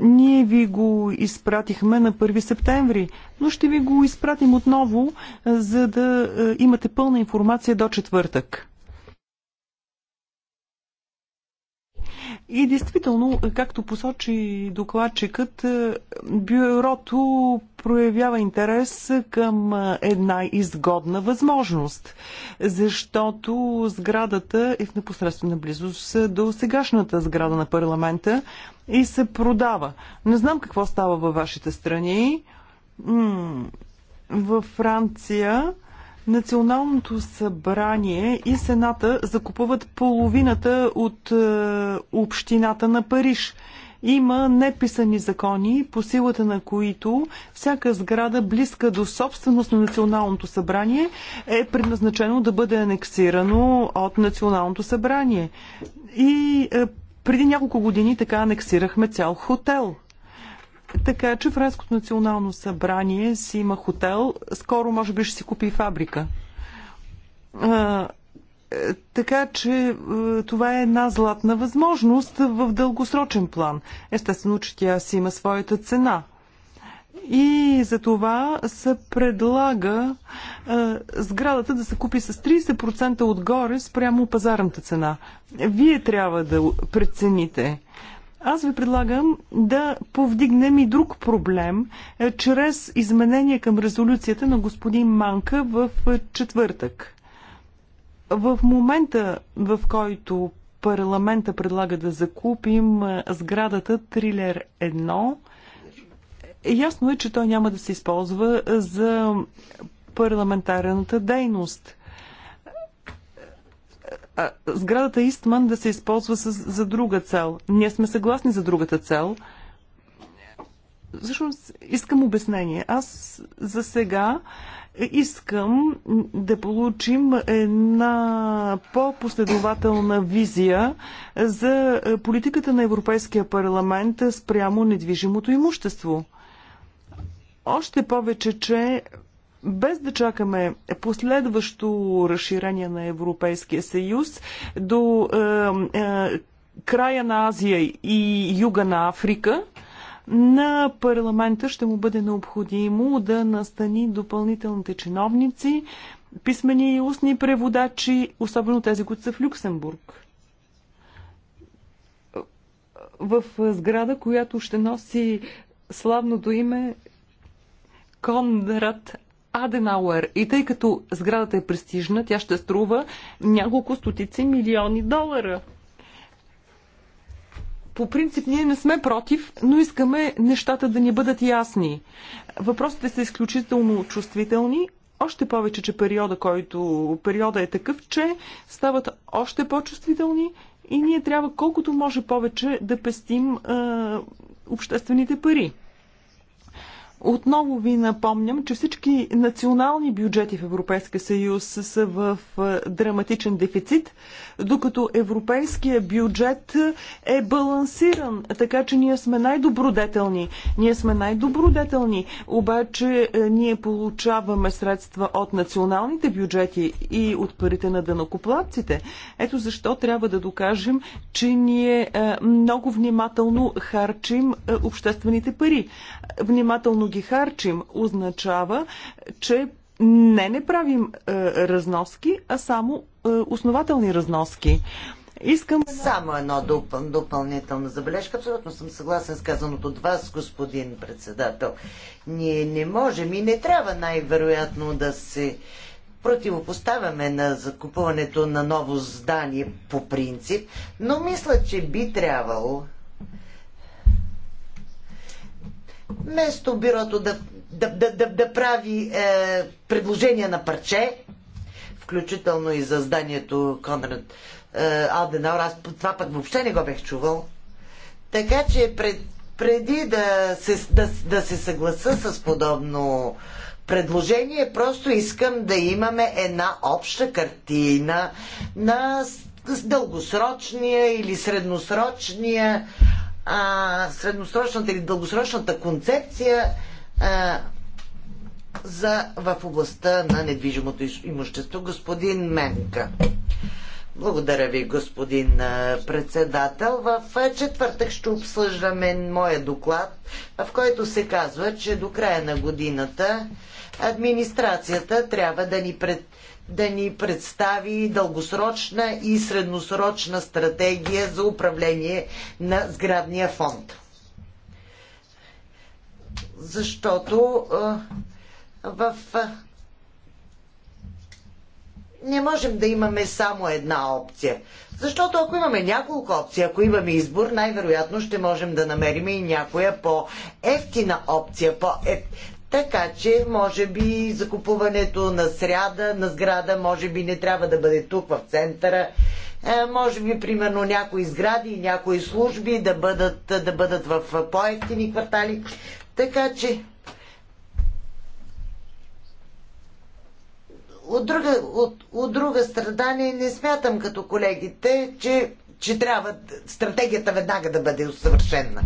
Ние ви го изпратихме на 1 септември, но ще ви го изпратим отново, за да имате пълна информация до четвъртък. И действително, както посочи докладчикът, е, бюрото проявява интерес към е, една изгодна възможност, защото сградата е в непосредствена близост е, до сегашната сграда на парламента и се продава. Не знам какво става във вашите страни. Във Франция Националното събрание и Сената закупуват половината от е, общината на Париж. Има неписани закони, по силата на които всяка сграда, близка до собственост на Националното събрание, е предназначено да бъде анексирано от Националното събрание. И е, преди няколко години така анексирахме цял хотел. Така че Френското национално събрание си има хотел. Скоро може би ще си купи и фабрика. А, е, така че е, това е една златна възможност в дългосрочен план. Естествено, че тя си има своята цена. И за това се предлага а, е, сградата да се купи с 30% отгоре спрямо пазарната цена. Вие трябва да прецените аз ви предлагам да повдигнем и друг проблем е, чрез изменение към резолюцията на господин Манка в е, четвъртък. В момента, в който парламента предлага да закупим е, сградата Трилер 1, е, ясно е, че той няма да се използва за парламентарната дейност а, сградата Истман да се използва с, за друга цел. Ние сме съгласни за другата цел. Всъщност искам обяснение. Аз за сега искам да получим една по-последователна визия за политиката на Европейския парламент спрямо недвижимото имущество. Още повече, че без да чакаме последващо разширение на Европейския съюз до е, е, края на Азия и юга на Африка, на парламента ще му бъде необходимо да настани допълнителните чиновници, писмени и устни преводачи, особено тези, които са в Люксембург. В сграда, която ще носи славното име Конрад Аденауер. И тъй като сградата е престижна, тя ще струва няколко стотици милиони долара. По принцип ние не сме против, но искаме нещата да ни бъдат ясни. Въпросите са изключително чувствителни, още повече, че периода, който периода е такъв, че стават още по-чувствителни и ние трябва колкото може повече да пестим е, обществените пари. Отново ви напомням, че всички национални бюджети в Европейския съюз са в драматичен дефицит, докато европейския бюджет е балансиран, така че ние сме най-добродетелни. Ние сме най-добродетелни, обаче ние получаваме средства от националните бюджети и от парите на дънокоплатците. Ето защо трябва да докажем, че ние много внимателно харчим обществените пари. Внимателно ги харчим, означава, че не не правим е, разноски, а само е, основателни разноски. Искам само едно допъл... допълнителна забележка. Абсолютно съм съгласен с казаното от вас, господин председател. Ние не можем и не трябва най-вероятно да се противопоставяме на закупуването на ново здание по принцип, но мисля, че би трябвало вместо бюрото да, да, да, да, да прави е, предложения на парче, включително и за зданието Конрад е, Алденаур, аз това пък въобще не го бех чувал. Така че пред, преди да се, да, да се съгласа с подобно предложение, просто искам да имаме една обща картина на дългосрочния или средносрочния а, средносрочната или дългосрочната концепция а, за, в областта на недвижимото имущество. Господин Менка. Благодаря ви, господин председател. В четвъртък ще обсъждаме моя доклад, в който се казва, че до края на годината администрацията трябва да ни пред, да ни представи дългосрочна и средносрочна стратегия за управление на сградния фонд. Защото в не можем да имаме само една опция. Защото ако имаме няколко опции, ако имаме избор, най-вероятно ще можем да намерим и някоя по-ефтина опция, по така че, може би, закупуването на сряда, на сграда, може би не трябва да бъде тук в центъра. Е, може би, примерно, някои сгради и някои служби да бъдат, да бъдат в по-ефтини квартали. Така че, от друга, от, от друга страна не, не смятам като колегите, че, че трябва стратегията веднага да бъде усъвършена.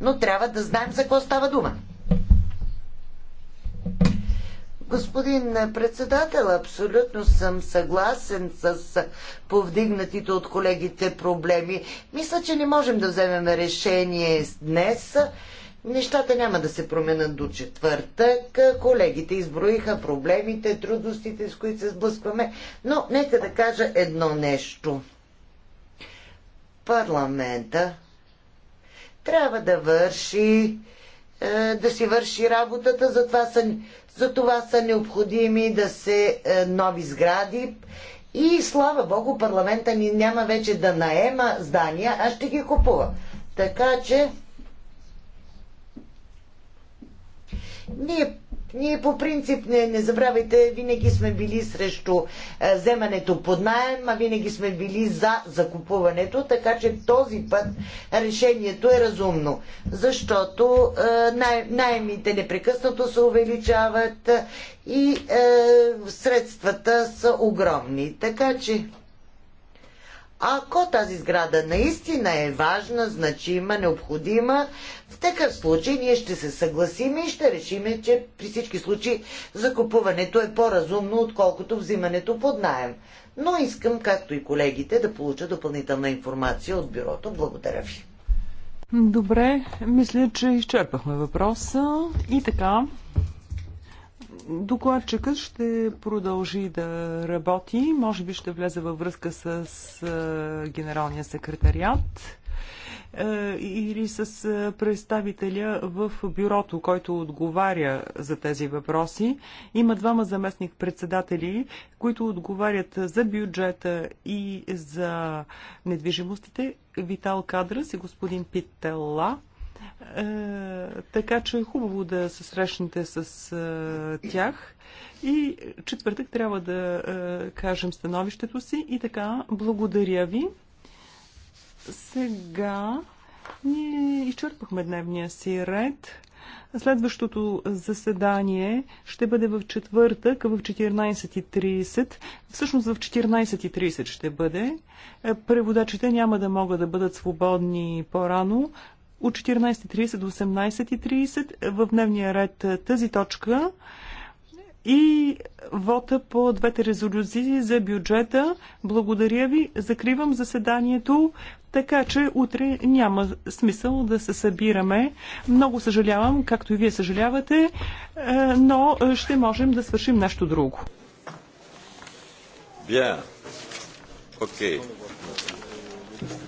Но трябва да знаем за какво става дума. Господин председател, абсолютно съм съгласен с повдигнатите от колегите проблеми. Мисля, че не можем да вземем решение днес. Нещата няма да се променят до четвъртък. Колегите изброиха проблемите, трудностите, с които се сблъскваме. Но нека да кажа едно нещо. Парламента трябва да върши е, да си върши работата. Затова са, затова са необходими да се е, нови сгради. И слава Богу, парламента ни няма вече да наема здания, а ще ги купува. Така че ние ние по принцип, не, не забравяйте, винаги сме били срещу е, вземането под найем, а винаги сме били за закупуването, така че този път решението е разумно, защото е, най- найемите непрекъснато се увеличават и е, средствата са огромни. Така че ако тази сграда наистина е важна, значима, необходима, в такъв случай ние ще се съгласим и ще решим, че при всички случаи закупуването е по-разумно, отколкото взимането под найем. Но искам, както и колегите, да получа допълнителна информация от бюрото. Благодаря ви. Добре, мисля, че изчерпахме въпроса. И така, Докладчикът ще продължи да работи. Може би ще влезе във връзка с генералния секретариат или с представителя в бюрото, който отговаря за тези въпроси. Има двама заместник председатели, които отговарят за бюджета и за недвижимостите. Витал Кадрас и господин Питела. Е, така че е хубаво да се срещнете с а, е, тях. И четвъртък трябва да а, е, кажем становището си. И така, благодаря ви. Сега ние изчерпахме дневния си ред. Следващото заседание ще бъде в четвъртък в 14.30. Всъщност в 14.30 ще бъде. Преводачите няма да могат да бъдат свободни по-рано, от 14.30 до 18.30 в дневния ред тази точка и вота по двете резолюции за бюджета. Благодаря ви. Закривам заседанието, така че утре няма смисъл да се събираме. Много съжалявам, както и вие съжалявате, но ще можем да свършим нещо друго. Окей. Okay.